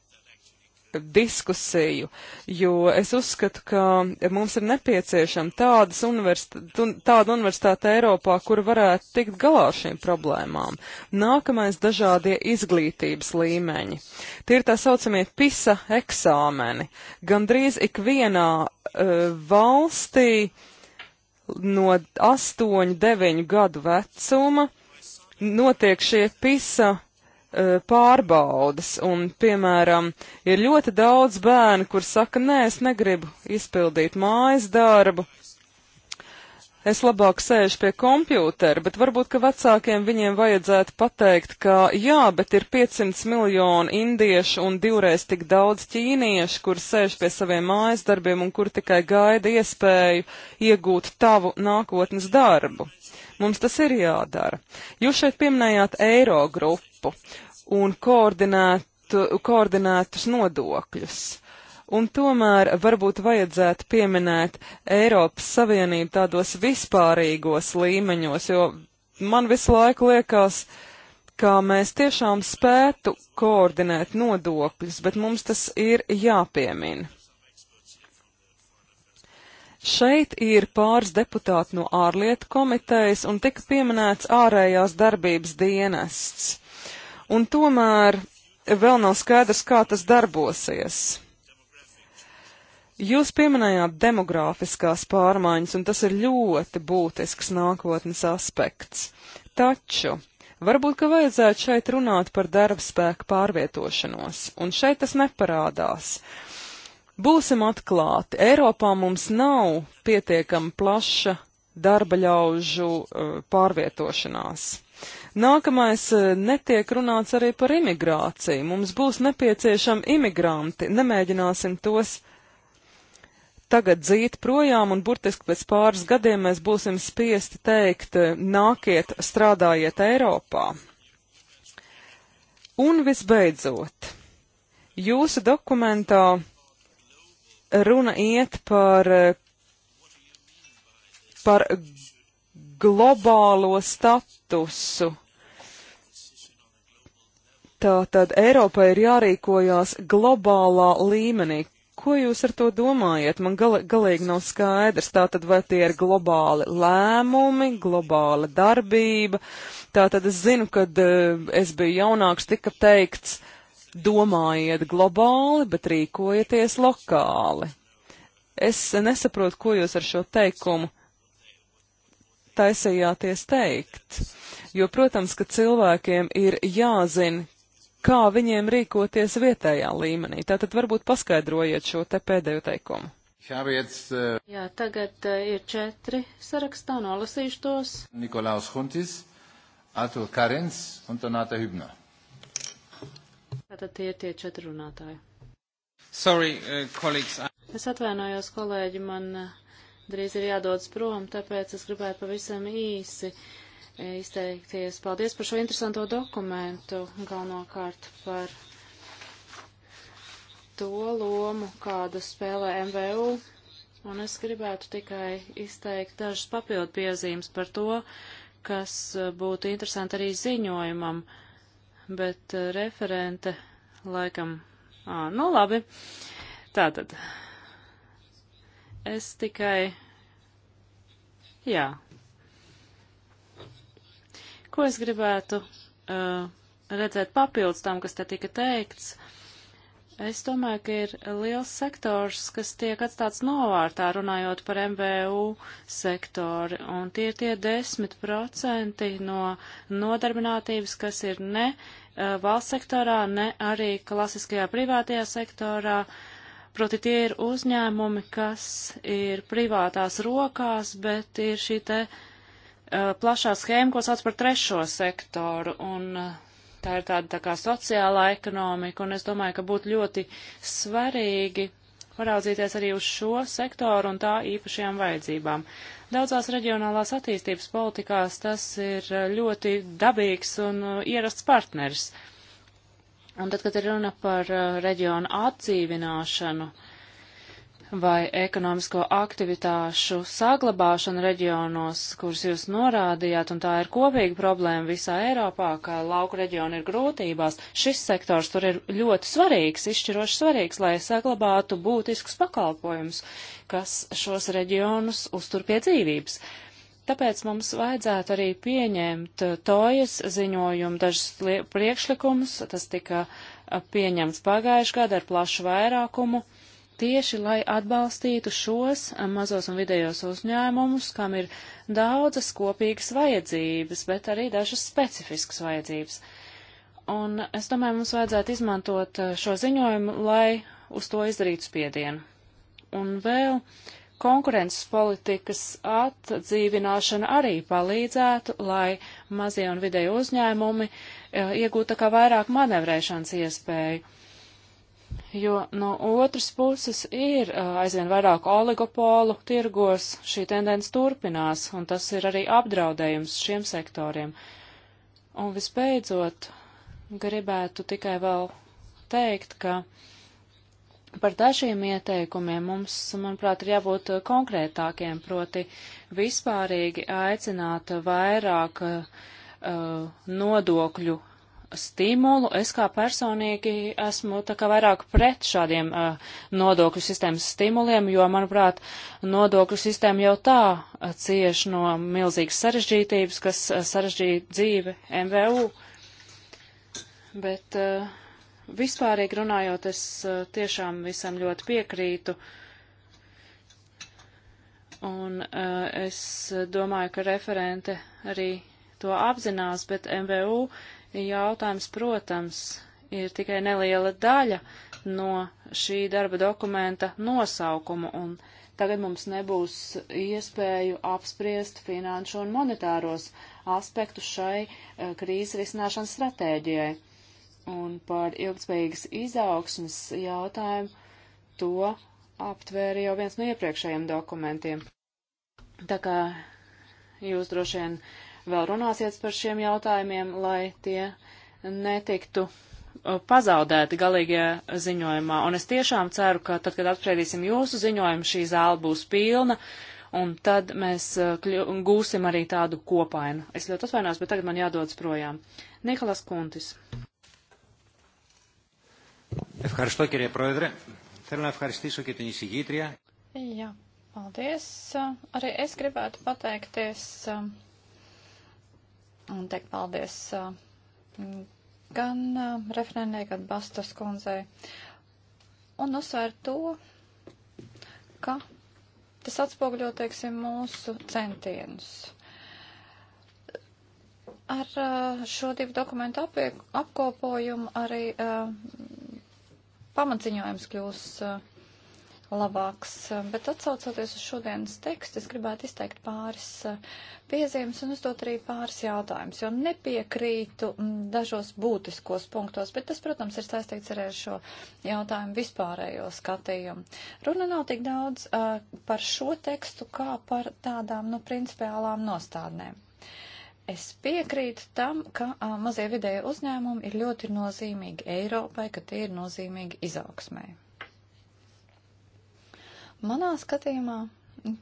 diskusiju, jo es uzskatu, ka mums ir nepieciešama tādas universitāte, tāda universitāte Eiropā, kur varētu tikt galā ar šīm problēmām. Nākamais dažādie izglītības līmeņi. Tie ir tā saucamie PISA eksāmeni. Gandrīz ikvienā uh, valstī no 8-9 gadu vecuma notiek šie PISA E, pārbaudas, un, piemēram, ir ļoti daudz bērnu, kur saka, nē, es negribu izpildīt mājas darbu, es labāk sēžu pie kompjūtera, bet varbūt, ka vecākiem viņiem vajadzētu pateikt, ka jā, bet ir 500 miljonu indiešu un divreiz tik daudz ķīniešu, kur sēž pie saviem mājas darbiem un kur tikai gaida iespēju iegūt tavu nākotnes darbu. Mums tas ir jādara. Jūs šeit pieminējāt eiro grupu un koordinētu, koordinētus nodokļus. Un tomēr varbūt vajadzētu pieminēt Eiropas Savienību tādos vispārīgos līmeņos, jo man visu laiku liekas, kā mēs tiešām spētu koordinēt nodokļus, bet mums tas ir jāpiemina. Šeit ir pāris deputāti no ārlietu komitejas un tika pieminēts ārējās darbības dienests. Un tomēr vēl nav skaidrs, kā tas darbosies. Jūs pieminējāt demogrāfiskās pārmaiņas, un tas ir ļoti būtisks nākotnes aspekts. Taču varbūt, ka vajadzētu šeit runāt par darbspēku pārvietošanos, un šeit tas neparādās. Būsim atklāti, Eiropā mums nav pietiekami plaša darba ļaužu e, pārvietošanās. Nākamais e, netiek runāts arī par imigrāciju. Mums būs nepieciešami imigranti, nemēģināsim tos tagad dzīt projām, un burtiski pēc pāris gadiem mēs būsim spiesti teikt, e, nākiet, strādājiet Eiropā. Un visbeidzot, jūsu dokumentā runa iet par, par globālo statusu. Tātad Eiropai ir jārīkojās globālā līmenī. Ko jūs ar to domājat? Man gal, galīgi nav skaidrs. Tātad vai tie ir globāli lēmumi, globāla darbība? Tātad es zinu, kad eh, es biju jaunāks, tika teikts, uh, domājiet globāli, bet rīkojieties lokāli. Es nesaprotu, ko jūs ar šo teikumu taisījāties teikt, jo, protams, ka cilvēkiem ir jāzina, kā viņiem rīkoties vietējā līmenī. Tātad varbūt paskaidrojiet šo te pēdējo teikumu. Äh, Jā, tagad äh, ir četri sarakstā, nolasīšu tos. Nikolaus Huntis, Artur Karins un Tonāta Hübner. Tātad tie ir tie četri runātāji. Sorry, uh, colleagues. Es atvainojos, kolēģi, man uh, drīz ir jādodas prom, tāpēc es gribētu pavisam īsi uh, izteikties. Paldies par šo interesanto dokumentu, galvenokārt par to lomu, kādu spēlē MVU. Un es gribētu tikai izteikt dažas papildu piezīmes par to, kas uh, būtu interesanti arī ziņojumam. Uh, bet eh, referente laikam. Ā, nu labi. Tātad. Es tikai. Jā. Ko es gribētu uh, redzēt papildus tam, kas te tika teikts? Uh, Es domāju, ka ir liels sektors, kas tiek atstāts novārtā, runājot par MVU sektori, un tie ir tie 10% no nodarbinātības, kas ir ne eh, valsts sektorā, ne arī klasiskajā privātajā sektorā. Proti tie ir uzņēmumi, kas ir privātās rokās, bet ir šī te uh, plašā schēma, ko sauc par trešo sektoru. Un, uh, tā ir tāda tā kā sociālā ekonomika, un es domāju, ka būtu ļoti svarīgi paraudzīties arī uz šo sektoru un tā īpašajām vajadzībām. Daudzās reģionālās attīstības politikās tas ir eh, ļoti dabīgs un eh, ierasts partners. Un tad, kad ir runa par eh, reģionu atdzīvināšanu, uh, vai ekonomisko aktivitāšu saglabāšana reģionos, kurus jūs norādījāt, un tā ir kopīga problēma visā Eiropā, ka lauku reģioni ir grūtībās. Šis sektors tur ir ļoti svarīgs, izšķiroši svarīgs, lai saglabātu būtiskus pakalpojumus, kas šos reģionus uztur pie dzīvības. Tāpēc mums vajadzētu arī pieņemt tojas ziņojumu dažus priekšlikumus. Tas tika pieņemts pagājušajā gadā ar plašu vairākumu tieši lai atbalstītu šos eh, mazos un vidējos uzņēmumus, kam ir daudzas kopīgas vajadzības, bet arī dažas specifiskas vajadzības. Un es domāju, mums vajadzētu izmantot eh, šo ziņojumu, lai uz to izdarītu spiedienu. Un vēl konkurences politikas atdzīvināšana arī palīdzētu, lai mazie un vidēji uzņēmumi eh, iegūtu kā vairāk manevrēšanas iespēju jo no otras puses ir aizvien vairāk oligopolu tirgos, šī tendence turpinās, un tas ir arī apdraudējums šiem sektoriem. Un visbeidzot, gribētu tikai vēl teikt, ka par dažiem ieteikumiem mums, manuprāt, ir jābūt konkrētākiem, proti vispārīgi aicināt vairāk uh, nodokļu stimulu. Es kā personīgi esmu tā kā vairāk pret šādiem uh, nodokļu sistēmas stimuliem, jo, manuprāt, nodokļu sistēma jau tā uh, cieš no milzīgas sarežģītības, kas uh, sarežģīja dzīve MVU. Bet uh, vispārīgi runājot, es uh, tiešām visam ļoti piekrītu. Un uh, es domāju, ka referente arī to apzinās, bet MVU uh, jautājums, protams, ir tikai neliela daļa no šī darba dokumenta nosaukuma, un tagad mums nebūs iespēju apspriest finanšu un monetāros aspektus šai eh, krīzes risināšanas stratēģijai. Un par ilgspējīgas izaugsmas jautājumu to aptvēra jau viens no iepriekšējiem dokumentiem. Tā kā jūs droši vien vēl runāsiet par šiem jautājumiem, lai tie netiktu pazaudēti galīgajā ziņojumā. Un es tiešām ceru, ka tad, kad apspriedīsim jūsu ziņojumu, šī zāle būs pilna, un tad mēs gūsim arī tādu kopainu. Es ļoti atvainos, bet tagad man jādodas projām. Nikolas Kuntis. Ευχαριστώ κύριε Πρόεδρε. Θέλω να ευχαριστήσω και την εισηγήτρια. Jā, paldies. Arī es gribētu pateikties un teikt paldies gan referendē, gan Bastas kundzei. Un uzsvērt to, ka tas atspoguļo, teiksim, mūsu centienus. Ar šo divu dokumentu apkopojumu arī pamatziņojums kļūs uh, labāks. Bet atsaucoties uz šodienas tekstu, es gribētu izteikt pāris eh, piezīmes un uzdot arī pāris jautājumus, jo nepiekrītu mm, dažos būtiskos punktos, bet tas, protams, ir saistīts arī ar šo jautājumu vispārējo skatījumu. Runa nav tik daudz uh, par šo tekstu, kā par tādām, nu, principiālām nostādnēm. Es piekrītu tam, ka a, eh, mazie vidēji uzņēmumi ir ļoti nozīmīgi Eiropai, ka tie ir nozīmīgi izaugsmēji. Manā skatījumā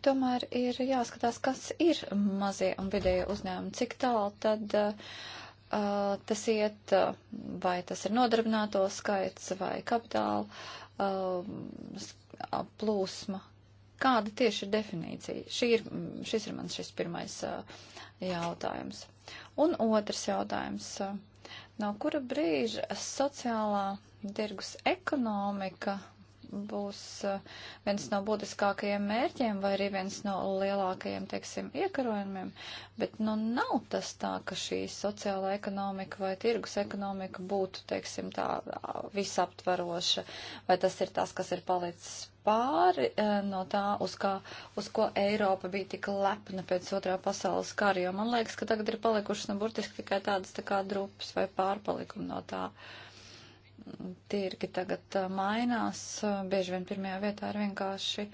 tomēr ir jāskatās, kas ir mazie un vidēji uzņēmumi, cik tālu tad uh, tas iet, uh, vai tas ir nodarbināto skaits vai kapitāla uh, plūsma. Kāda tieši ir definīcija? Šī ir, šis ir mans šis pirmais uh, jautājums. Un otrs jautājums. Uh, no kura brīža sociālā tirgus ekonomika būs eh, viens no būtiskākajiem mērķiem vai arī viens no lielākajiem, teiksim, iekarojumiem, bet nu nav tas tā, ka šī sociāla ekonomika vai tirgus ekonomika būtu, teiksim, tā visaptvaroša, vai tas ir tas, kas ir palicis pāri eh, no tā, uz, kā, uz ko Eiropa bija tik lepna pēc otrā pasaules kara, jo man liekas, ka tagad ir palikušas, nu, burtiski tikai tādas tā kā drupas vai pārpalikumi no tā. Uh, tirgi tagad mainās. Bieži vien pirmajā vietā ir vienkārši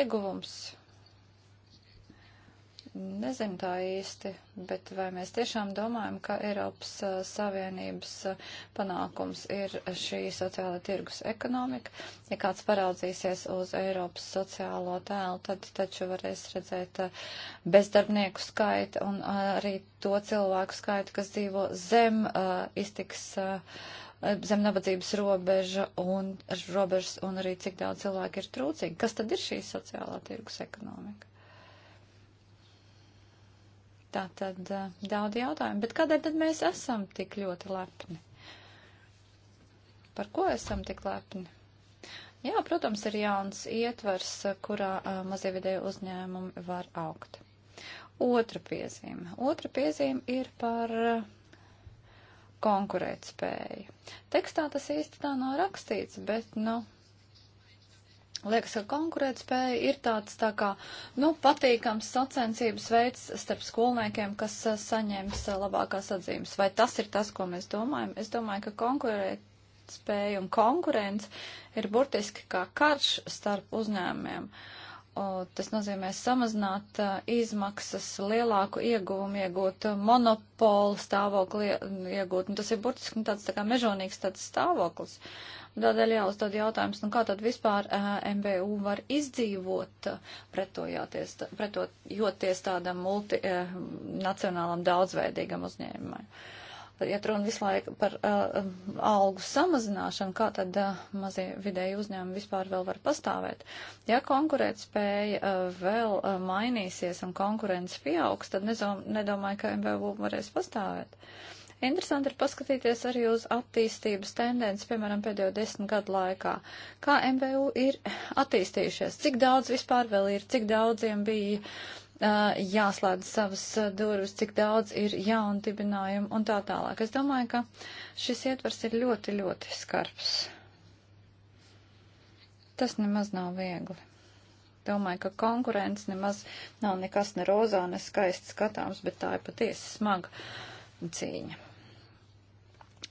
ieguvums. Nezinu tā īsti, bet vai mēs tiešām domājam, ka Eiropas Savienības panākums ir šī sociāla tirgus ekonomika? Ja kāds paraudzīsies uz Eiropas sociālo tēlu, tad taču varēs redzēt bezdarbnieku skaitu un arī to cilvēku skaitu, kas dzīvo zem iztiks. Uh, Eh, zem nabadzības robeža un, robežas un arī cik daudz cilvēku ir trūcīgi. Kas tad ir šī sociālā tirgus ekonomika? Tā tad eh, daudz jautājumu. Bet kādēļ tad mēs esam tik ļoti lepni? Par ko esam tik lepni? Jā, protams, ir jauns ietvers, eh, kurā mazie vidēji uzņēmumi var augt. Otra piezīme. Otra piezīme ir par a, konkurētspēja. Tekstā tas īsti tā nav rakstīts, bet, nu, Liekas, ka konkurētspēja ir tāds tā kā, nu, patīkams sacensības veids starp skolniekiem, kas eh, saņems eh, labākās atzīmes. Vai tas ir tas, ko mēs domājam? Es domāju, ka konkurētspēja un konkurence ir burtiski kā karš starp uzņēmumiem. Uh, tas nozīmē samazināt izmaksas, lielāku ieguvumu iegūt, monopolu stāvokli iegūt. Un nu, tas ir burtiski nu, tāds tā kā mežonīgs tāds stāvoklis. Tādēļ jāuzdod jautājums, nu kā tad vispār MBU var izdzīvot pretojoties, pretojoties tādam multinacionālam daudzveidīgam uzņēmumam. Uh, iet runa visu laiku par uh, um, algu samazināšanu, kā tad uh, mazie vidēji uzņēmumi vispār vēl var pastāvēt. Ja konkurētspēja uh, vēl uh, mainīsies un konkurence pieaugs, tad nezom, nedomāju, ka MVU varēs pastāvēt. Interesanti ir paskatīties arī uz attīstības tendenci, piemēram, pēdējo desmit gadu laikā. Kā MVU ir attīstījušies? Cik daudz vispār vēl ir? Cik daudziem bija? Uh, jāslēdz savas durvis, cik daudz ir jaunu dibinājumu un tā tālāk. Es domāju, ka šis ietvers ir ļoti, ļoti skarbs. Tas nemaz nav viegli. Domāju, ka konkurence nemaz nav nekas ne rozā, ne skaists skatāms, bet tā ir patiesi smaga cīņa.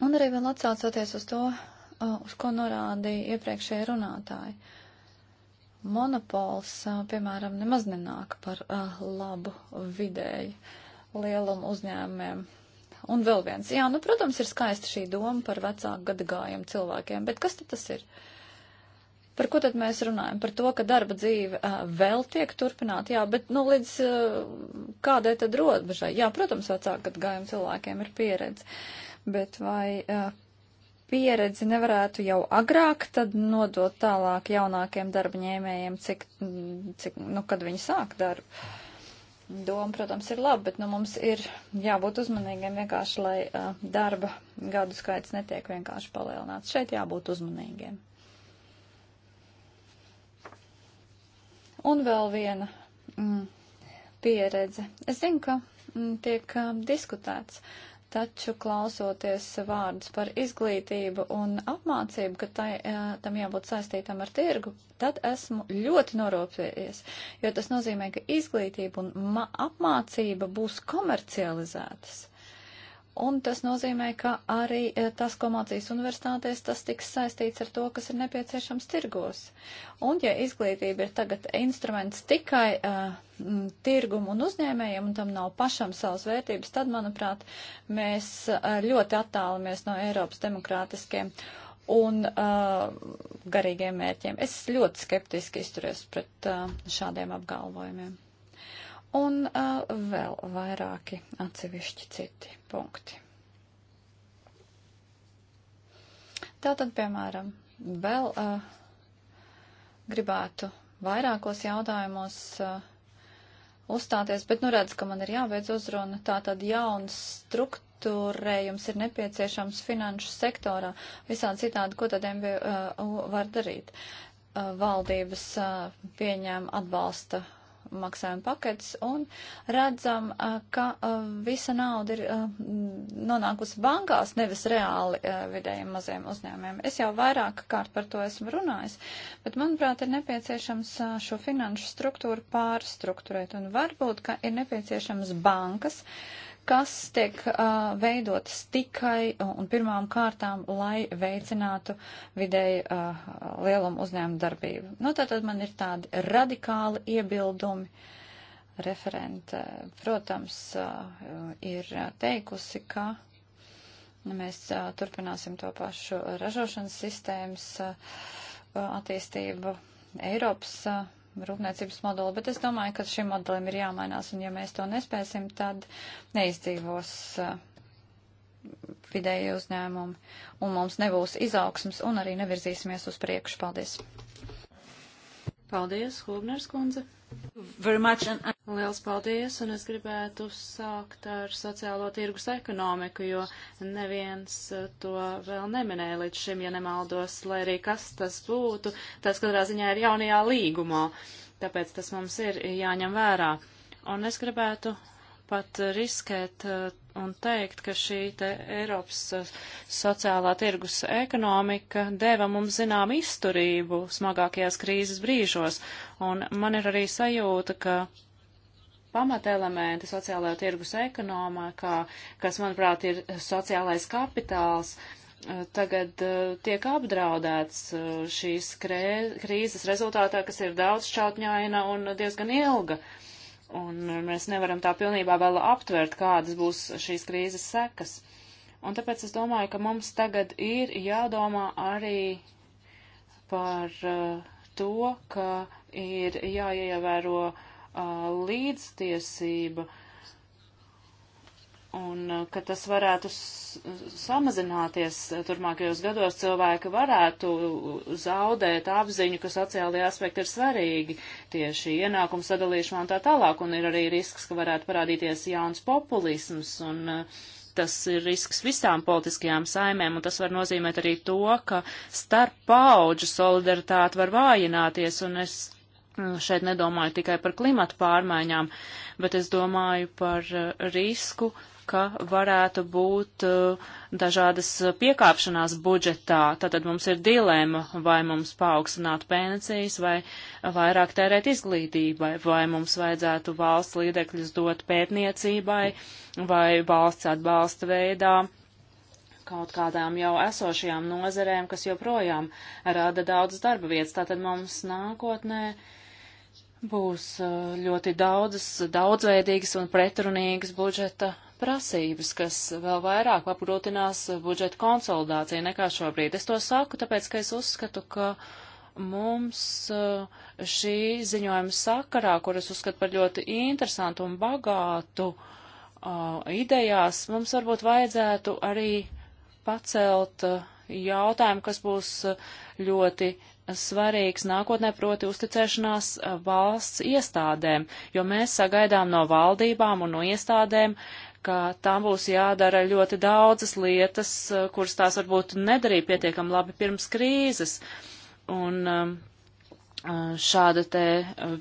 Un arī vēl atsaucoties uz to, uz ko norādīja iepriekšēji runātāji. Uh, Monopols, piemēram, nemaz nenāk par labu vidēji lielumu uzņēmumiem. Un vēl viens. Jā, nu, protams, ir skaista šī doma par vecāku gadagājumu cilvēkiem, bet kas tad tas ir? Par ko tad mēs runājam? Par to, ka darba dzīve vēl tiek turpināta, jā, bet, nu, līdz kādai tad rodbežai? Jā, protams, vecāku gadagājumu cilvēkiem ir pieredze, bet vai pieredzi nevarētu jau agrāk tad nodot tālāk jaunākiem darba ņēmējiem, cik, cik, nu, kad viņi sāk darbu. Doma, protams, ir laba, bet nu, mums ir jābūt uzmanīgiem vienkārši, lai uh, darba gadu skaits netiek vienkārši palielināts. Šeit jābūt uzmanīgiem. Un vēl viena mm, pieredze. Es zinu, ka mm, tiek um, diskutēts Taču klausoties vārdus par izglītību un apmācību, ka tai, e, tam jābūt saistītam ar tirgu, tad esmu ļoti noropējies, jo tas nozīmē, ka izglītība un apmācība būs komercializētas. Un tas nozīmē, ka arī e, tas, ko mācīs universitātēs, tas tiks saistīts ar to, kas ir nepieciešams tirgos. Un ja izglītība ir tagad instruments tikai uh, e, tirgumu un uzņēmējiem, un tam nav pašam savas vērtības, tad, manuprāt, mēs uh, ļoti attālamies no Eiropas demokrātiskiem un uh, garīgiem mērķiem. Es ļoti skeptiski izturies pret uh, šādiem apgalvojumiem un uh, vēl vairāki atsevišķi citi punkti. Tātad, piemēram, vēl uh, gribētu vairākos jautājumos uh, uzstāties, bet nu redz, ka man ir jābeidz uzruna. Tātad jauns struktūrējums ir nepieciešams finanšu sektorā. Visādi citādi, ko tad MBU uh, var darīt? Uh, valdības uh, pieņēma atbalsta maksājuma pakets un redzam, ka visa nauda ir nonākusi bankās, nevis reāli vidējiem maziem uzņēmiem. Es jau vairāk kārt par to esmu runājis, bet manuprāt ir nepieciešams šo finanšu struktūru pārstruktūrēt un varbūt, ka ir nepieciešams bankas, uh, kas tiek uh, veidotas tikai un pirmām kārtām, lai veicinātu vidēji uh, lielumu uzņēmumu darbību. Nu, tātad man ir tādi radikāli iebildumi. Referente, protams, uh, ir teikusi, ka mēs uh, turpināsim to pašu ražošanas sistēmas uh, attīstību Eiropas. Uh, rūpniecības modeli, bet es domāju, ka šim modelim ir jāmainās, un ja mēs to nespēsim, tad neizdzīvos uh, vidēji uzņēmumi, un mums nebūs izaugsmas, un arī nevirzīsimies uz priekšu. Paldies! Paldies, Hūbners kundze! Liels paldies, un es gribētu sākt ar sociālo tirgus ekonomiku, jo neviens eh, to vēl neminēja līdz šim, ja nemaldos, lai arī kas tas būtu, tas katrā ziņā ir jaunajā līgumā, tāpēc tas mums ir jāņem vērā. Un es gribētu pat riskēt eh, un teikt, ka šī te Eiropas eh, sociālā tirgus ekonomika deva mums zinām izturību smagākajās krīzes brīžos, un man ir arī sajūta, ka pamatelementi sociālajā tirgus ekonomikā, kas, manuprāt, ir sociālais kapitāls, eh, tagad eh, tiek apdraudēts šīs krē, krīzes rezultātā, kas ir daudz šķautņaina un diezgan ilga. Uh, Un mēs nevaram tā pilnībā vēl aptvert, kādas būs šīs krīzes sekas. Un tāpēc es domāju, ka mums tagad ir jādomā arī par uh, to, ka ir jāievēro uh, līdztiesība uh, un uh, ka tas varētu samazināties uh, turpmākajos gados, cilvēki varētu zaudēt apziņu, ka sociālajie aspekti ir svarīgi, tieši ienākumu sadalīšanā un tā tālāk, un ir arī risks, ka varētu parādīties jauns populisms, un uh, tas ir risks visām politiskajām saimēm, un tas var nozīmēt arī to, ka starp paudžu solidaritāte var vājināties, un es mm, šeit nedomāju tikai par klimatu pārmaiņām, bet es domāju par risku ka varētu būt uh, dažādas piekāpšanās budžetā. Tātad mums ir dilēma, vai mums paaugstināt pensijas, vai vairāk tērēt izglītībai, vai mums vajadzētu valsts līdzekļus dot pētniecībai, vai valsts atbalsta veidā kaut kādām jau esošajām nozerēm, kas joprojām rada daudz darba vietas. Tātad mums nākotnē būs uh, ļoti daudzas, daudzveidīgas un pretrunīgas budžeta prasības, kas vēl vairāk apgrūtinās budžeta konsolidāciju nekā šobrīd. Es to saku, tāpēc, ka es uzskatu, ka mums eh, šī ziņojuma sakarā, kuras uzskatu par ļoti interesantu un bagātu uh, idejās, mums varbūt vajadzētu arī pacelt eh, jautājumu, kas būs ļoti svarīgs nākotnē, proti uzticēšanās valsts iestādēm, jo mēs sagaidām no valdībām un no iestādēm ka tām būs jādara ļoti daudzas lietas, eh, kuras tās varbūt nedarīja pietiekam labi pirms krīzes. Un um, eh, šāda te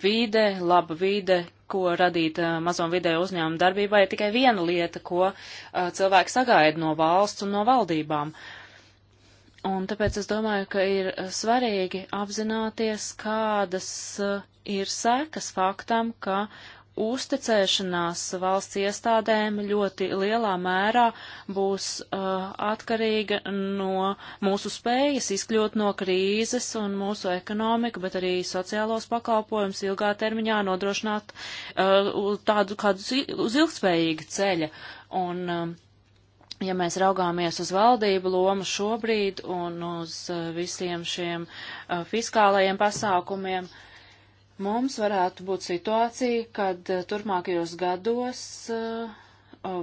vīde, laba vīde, ko radīt eh, mazo un vidēju uzņēmumu darbībā, ir tikai viena lieta, ko cilvēki sagaida no valsts un no valdībām. Un tāpēc es domāju, ka ir svarīgi apzināties, kādas ir sekas faktam, ka uzticēšanās valsts iestādēm ļoti lielā mērā būs uh, atkarīga no mūsu spējas izkļūt no krīzes un mūsu ekonomiku, bet arī sociālos pakalpojumus ilgā termiņā nodrošināt uh, tādu kādu uz ilgspējīga ceļa. Un, uh, ja mēs raugāmies uz valdību lomu šobrīd un uz uh, visiem šiem uh, fiskālajiem pasākumiem, uh, mums varētu būt situācija, kad eh, turpmākajos gados uh,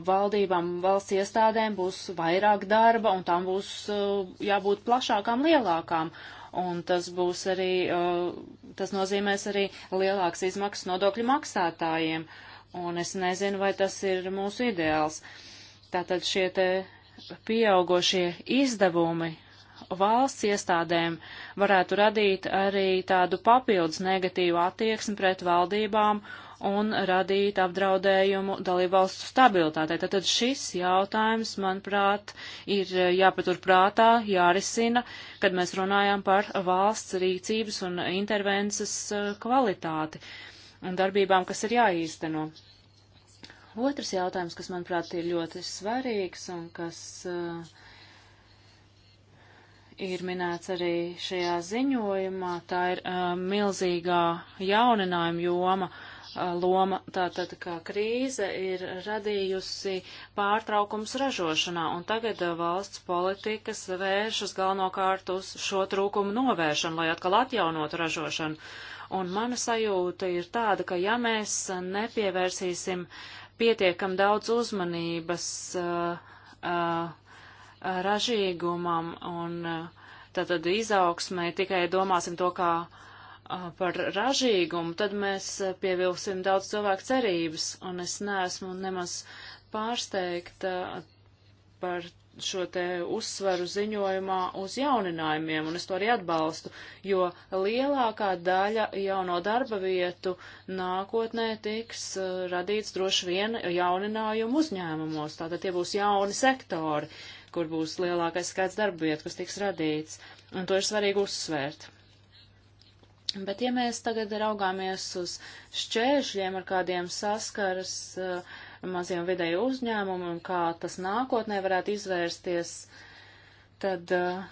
valdībām, valsts iestādēm būs vairāk darba un tām būs uh, jābūt plašākām, lielākām. Un tas būs arī, uh, tas nozīmēs arī lielāks izmaksas nodokļu maksātājiem. Un es nezinu, vai tas ir mūsu ideāls. Tātad šie te pieaugošie izdevumi valsts iestādēm varētu radīt arī tādu papildus negatīvu attieksmi pret valdībām un radīt apdraudējumu dalībvalstu stabilitātei. Tātad šis jautājums, manuprāt, ir jāpatur prātā, jārisina, kad mēs runājam par valsts rīcības un intervences eh, kvalitāti un darbībām, kas ir jāīsteno. Otrs jautājums, kas, manuprāt, ir ļoti svarīgs un kas uh, ir minēts arī šajā ziņojumā, tā ir uh, milzīgā jauninājuma joma. Uh, loma tātad, kā krīze ir radījusi pārtraukums ražošanā, un tagad uh, valsts politikas vēršas galvenokārt uz šo trūkumu novēršanu, lai atkal atjaunotu ražošanu. Un mana sajūta ir tāda, ka ja mēs nepievērsīsim pietiekam daudz uzmanības uh, uh, ražīgumam un eh, tātad izaugsmai tikai domāsim to kā eh, par ražīgumu, tad mēs eh, pievilsim daudz cilvēku cerības, un es neesmu nemaz pārsteigta par šo te uzsvaru ziņojumā uz jauninājumiem, un es to arī atbalstu, jo lielākā daļa jauno darba vietu nākotnē tiks radīts droši vien jauninājumu uzņēmumos, tātad tie būs jauni sektori. Uh, kur būs lielākais skaits darba vietu, kas tiks radīts, un to ir svarīgi uzsvērt. Bet, ja mēs tagad raugāmies uz šķēršļiem, ar kādiem saskaras uh, eh, maziem vidēju uzņēmumu un kā tas nākotnē varētu izvērsties, tad uh,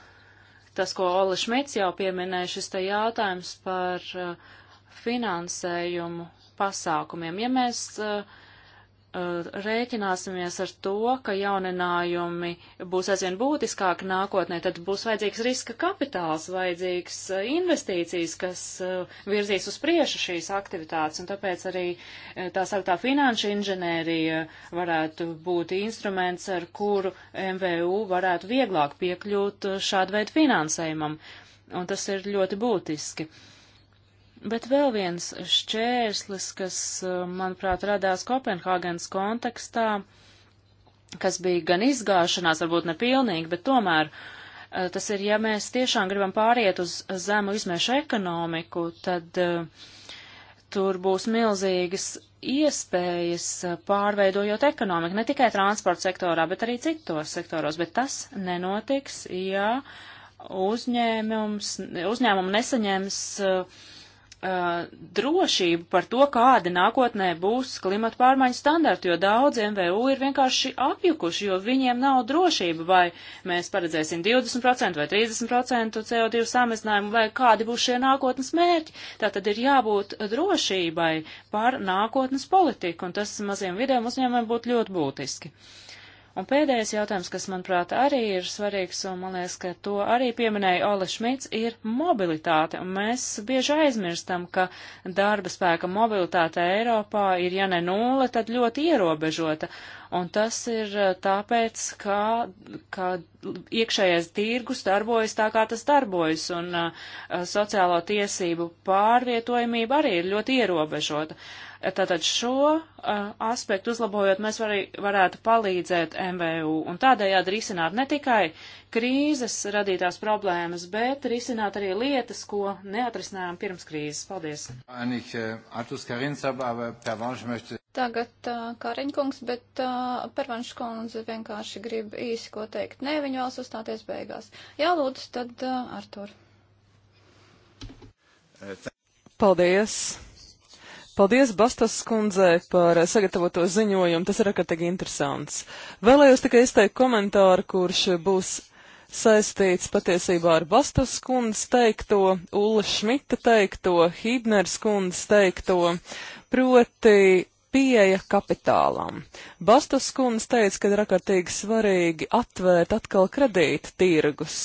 tas, ko Ola Šmits jau pieminēja, šis te jautājums par uh, finansējumu pasākumiem. Ja mēs uh, Eh, rēķināsimies ar to, ka jauninājumi būs aizvien būtiskāki nākotnē, tad būs vajadzīgs riska kapitāls, vajadzīgs eh, investīcijas, kas eh, virzīs uz priešu šīs aktivitātes, un tāpēc arī tā sauktā finanšu inženērija varētu būt instruments, ar kuru MVU varētu vieglāk piekļūt šādu veidu finansējumam, un tas ir ļoti būtiski. Uh, Bet vēl viens šķērslis, kas, eh, manuprāt, radās Kopenhāgenes kontekstā, kas bija gan izgāšanās, varbūt nepilnīgi, bet tomēr eh, tas ir, ja mēs tiešām gribam pāriet uz zemu izmēšu ekonomiku, tad eh, tur būs milzīgas iespējas pārveidojot ekonomiku, ne tikai transporta sektorā, bet arī citos sektoros, bet tas nenotiks, ja uzņēmums, uzņēmumu nesaņems uh, uh, drošību par to, kāda nākotnē būs klimata pārmaiņu standarti, jo daudz MVU ir vienkārši apjukuši, jo viņiem nav drošība, vai mēs paredzēsim 20% vai 30% CO2 samazinājumu, vai kādi būs šie nākotnes mērķi. Tā tad ir jābūt drošībai par nākotnes politiku, un tas maziem vidiem uzņēmumiem būtu ļoti būtiski. Uh, Un pēdējais jautājums, kas, manuprāt, arī ir svarīgs, un man liekas, ka to arī pieminēja Ole Šmits, ir mobilitāte. Un mēs bieži aizmirstam, ka darba spēka mobilitāte Eiropā ir, ja ne nula, tad ļoti ierobežota. Un tas ir eh, tāpēc, ka, ka iekšējais tirgus darbojas tā, kā tas darbojas, un uh, sociālo tiesību pārvietojamība arī ir ļoti ierobežota. Uh, Tātad šo uh, aspektu uzlabojot, mēs var, varētu palīdzēt MVU un tādējādi risināt ne tikai krīzes radītās problēmas, bet risināt arī lietas, ko neatrisinājām pirms krīzes. Paldies! Äh, Tagad uh, Kariņkungs, bet uh, Pervanškundze vienkārši grib īsi ko teikt. Nē, viņa vēlas uzstāties beigās. Jā, lūdzu, tad uh, Artur. Paldies! Paldies Bastas skundzē par eh, sagatavoto ziņojumu, tas ir rakatīgi interesants. Vēlējos tikai izteikt komentāru, kurš būs saistīts patiesībā ar Bastas skundzes teikto, Ulla Šmita teikto, Hībners skundzes teikto, proti pieeja kapitālam. Bastas kundze teica, ka ir ārkārtīgi svarīgi atvērt atkal kredīta tirgus,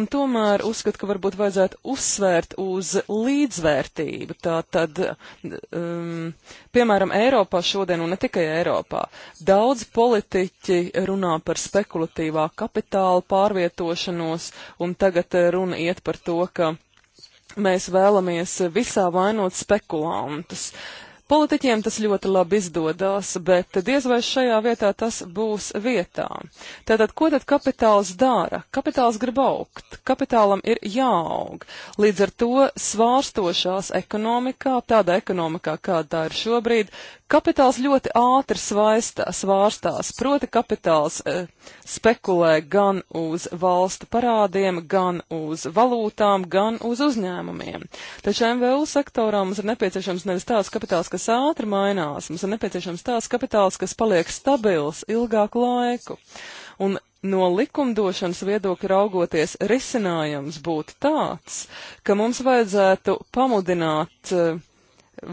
un tomēr uzskata, ka varbūt vajadzētu uzsvērt uz līdzvērtību. Tātad, um, piemēram, Eiropā šodien, un ne tikai Eiropā, daudz politiķi runā par spekulatīvā kapitāla pārvietošanos, un tagad eh, runa iet par to, ka mēs vēlamies visā vainot spekulantus. Politiķiem tas ļoti labi izdodas, bet diez vai šajā vietā tas būs vietā. Tātad, ko tad kapitāls dara? Kapitāls grib augt, kapitālam ir jāaug. Līdz ar to svārstošās ekonomikā, tādā ekonomikā, kādā ir šobrīd, Kapitāls ļoti ātri svaistā, svārstās, proti kapitāls e, spekulē gan uz valstu parādiem, gan uz valūtām, gan uz uzņēmumiem. Taču MVU sektorā mums ir nepieciešams nevis tāds kapitāls, kas kas ātri mainās. Mums ir nepieciešams tās kapitāls, kas paliek stabils ilgāku laiku. Un no likumdošanas viedokļa raugoties, risinājums būtu tāds, ka mums vajadzētu pamudināt eh,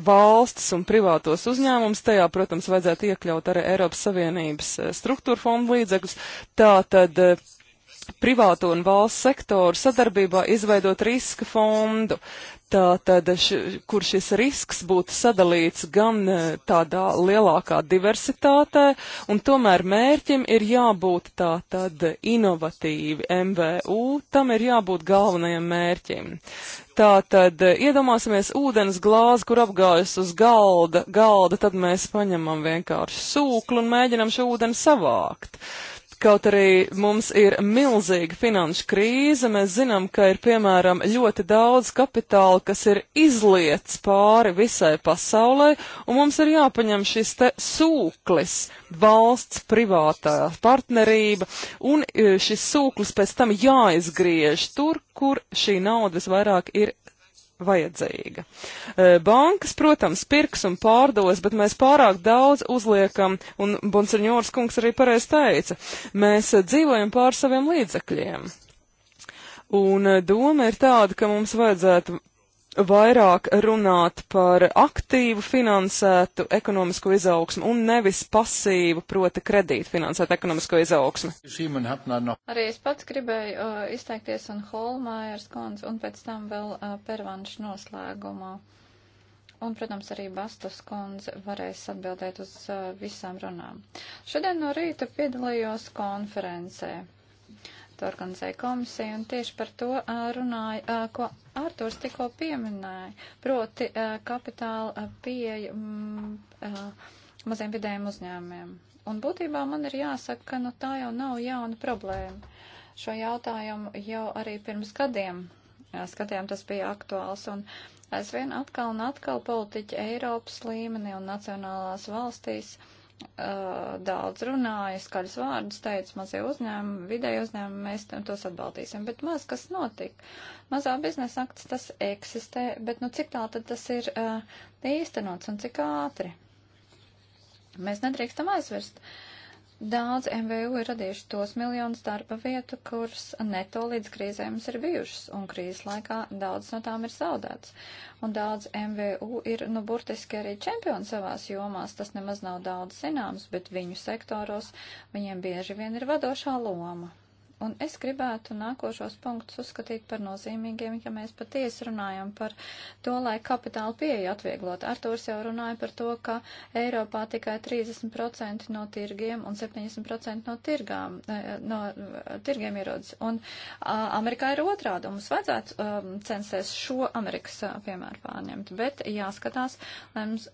valsts un privātos uzņēmumus, tajā, protams, vajadzētu iekļaut arī Eiropas Savienības eh, struktūra fondu līdzekļus, tā tad eh, privāto un valsts sektoru sadarbībā izveidot riska fondu, tātad, š, kur šis risks būtu sadalīts gan e, tādā lielākā diversitātē, un tomēr mērķim ir jābūt tātad inovatīvi MVU, tam ir jābūt galvenajam mērķim. Tātad, e, iedomāsimies ūdens glāzi, kur apgājas uz galda, galda, tad mēs paņemam vienkārši sūklu un mēģinam šo ūdeni savākt. Uh, Kaut arī mums ir milzīga finanšu krīze, mēs zinām, ka ir piemēram ļoti daudz kapitāla, kas ir izliets pāri visai pasaulē, un mums ir jāpaņem šis te sūklis, valsts privātā partnerība, un e, šis sūklis pēc tam jāizgriež tur, kur šī nauda visvairāk ir vajadzīga. E, bankas, protams, pirks un pārdos, bet mēs pārāk daudz uzliekam, un Bonsignors kungs arī pareiz teica, mēs dzīvojam pār saviem līdzekļiem. Un e, doma ir tāda, ka mums vajadzētu vairāk runāt par aktīvu finansētu ekonomisko izaugsmu un nevis pasīvu, proti kredītu finansētu ekonomisko izaugsmu. Arī es pats gribēju uh, izteikties un Holmājers kundz un pēc tam vēl uh, pervanš noslēgumā. Un, protams, arī Bastas kundze varēs atbildēt uz uh, visām runām. Šodien no rīta piedalījos konferencē to organizēja komisija, un tieši par to runāja, ko Artūrs tikko pieminēja, proti kapitāla pieeja mm, maziem vidējiem uzņēmumiem. Un būtībā man ir jāsaka, ka nu, tā jau nav jauna problēma. Šo jautājumu jau arī pirms gadiem skatījām, tas bija aktuāls. Un aizvien atkal un atkal politiķi Eiropas līmenī un nacionālās valstīs uh, uh, daudz runāja, skaļus vārdus teica, mazie uzņēmumi, vidēji uzņēmumi, mēs tos atbalstīsim, bet maz kas notika. Mazā biznesa akts tas eksistē, bet nu cik tā tad tas ir uh, īstenots un cik ātri? Mēs nedrīkstam aizvirst. Uh, Daudz MVU ir radījuši tos miljonus darba vietu, kuras neto līdz krīzē mums ir bijušas, un krīzes laikā daudz no tām ir zaudēts. Un daudz MVU ir, nu, burtiski arī čempioni savās jomās, tas nemaz nav daudz zināms, bet viņu sektoros viņiem bieži vien ir vadošā loma. Un es gribētu nākošos punktus uzskatīt par nozīmīgiem, ja mēs patiesi runājam par to, lai kapitāla pieeja atvieglot. Artūrs jau runāja par to, ka Eiropā tikai 30% no tirgiem un 70% no, tirgām, eh, no eh, tirgiem ierodas. Un Amerikā ir otrādi. Mums vajadzētu um, censties šo Amerikas eh, piemēru pārņemt. Bet jāskatās, lai mums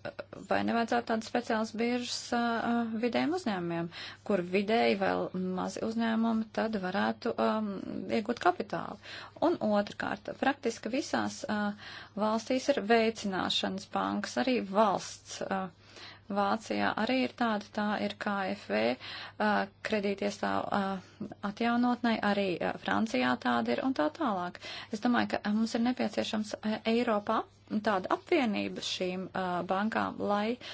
vai nevajadzētu tādas speciālas biržas uh, vidējiem uzņēmumiem, kur vidēji vēl mazi uzņēmumi, tad var varētu um, iegūt kapitālu. Un otrkārt, praktiski visās uh, valstīs ir veicināšanas bankas, arī valsts. Uh, Vācijā arī ir tāda, tā ir KFV uh, kredītiestāvu uh, atjaunotnei, arī uh, Francijā tāda ir un tā tālāk. Es domāju, ka uh, mums ir nepieciešams uh, Eiropā tāda apvienība šīm uh, bankām, lai uh,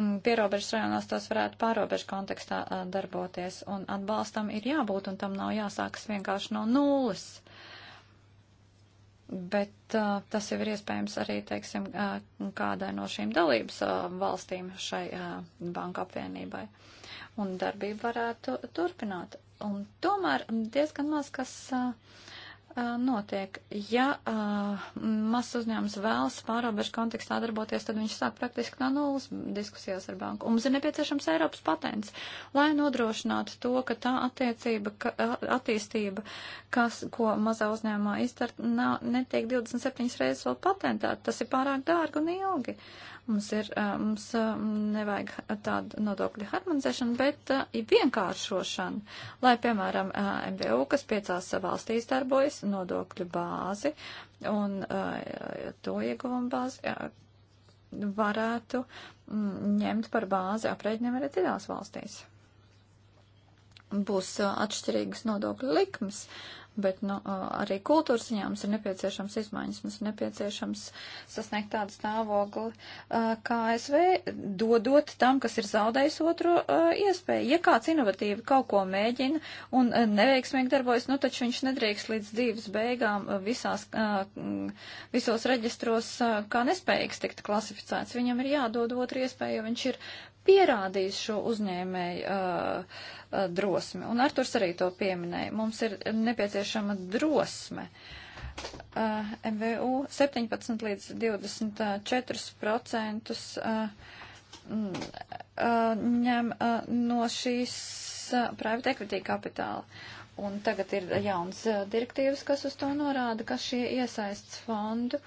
Mm, pierobežas rajonos tos varētu pārobežu kontekstā a, darboties, un atbalstam ir jābūt, un tam nav jāsākas vienkārši no nulles. Bet uh, tas jau ir iespējams arī, teiksim, uh, kādai no šīm dalības uh, valstīm šai uh, banka apvienībai. Un darbība varētu turpināt. Un tomēr diezgan maz kas uh, notiek? Ja uh, mazs uzņēmums vēlas pārobežu kontekstā darboties, tad viņš sāk praktiski no nulles diskusijās ar banku. Un mums ir nepieciešams Eiropas patents, lai nodrošinātu to, ka tā attiecība, ka, attīstība, kas, ko mazā uzņēmumā izdara, netiek 27 reizes vēl patentēta. Tas ir pārāk dārgi un ilgi. Mums ir, mums nevajag tādu nodokļu harmonizēšanu, bet ir vienkāršošana, lai, piemēram, MVU, kas piecās valstīs darbojas, nodokļu bāzi un to ieguvumu bāzi varētu ņemt par bāzi aprēķiniem arī citās valstīs. Būs atšķirīgas nodokļu likmes. Uh, bet nu, arī kultūras ziņā mums ir nepieciešams izmaiņas, mums ir nepieciešams sasniegt tādu stāvokli, kā ASV, dodot tam, kas ir zaudējis otru iespēju. Ja kāds inovatīvi kaut ko mēģina un neveiksmīgi darbojas, nu taču viņš nedrīkst līdz dzīves beigām visās, visos reģistros kā nespējīgs tikt klasificēts. Viņam ir jādod otru iespēju, jo viņš ir pierādījis šo uzņēmēju uh, uh, drosmi. Un Arturs arī to pieminēja. Mums ir nepieciešama drosme. Uh, MVU 17 līdz 24 procentus uh, mm, uh, ņem uh, no šīs uh, private equity kapitāla. Un tagad ir jauns uh, direktīvas, kas uz to norāda, ka šie iesaists fondu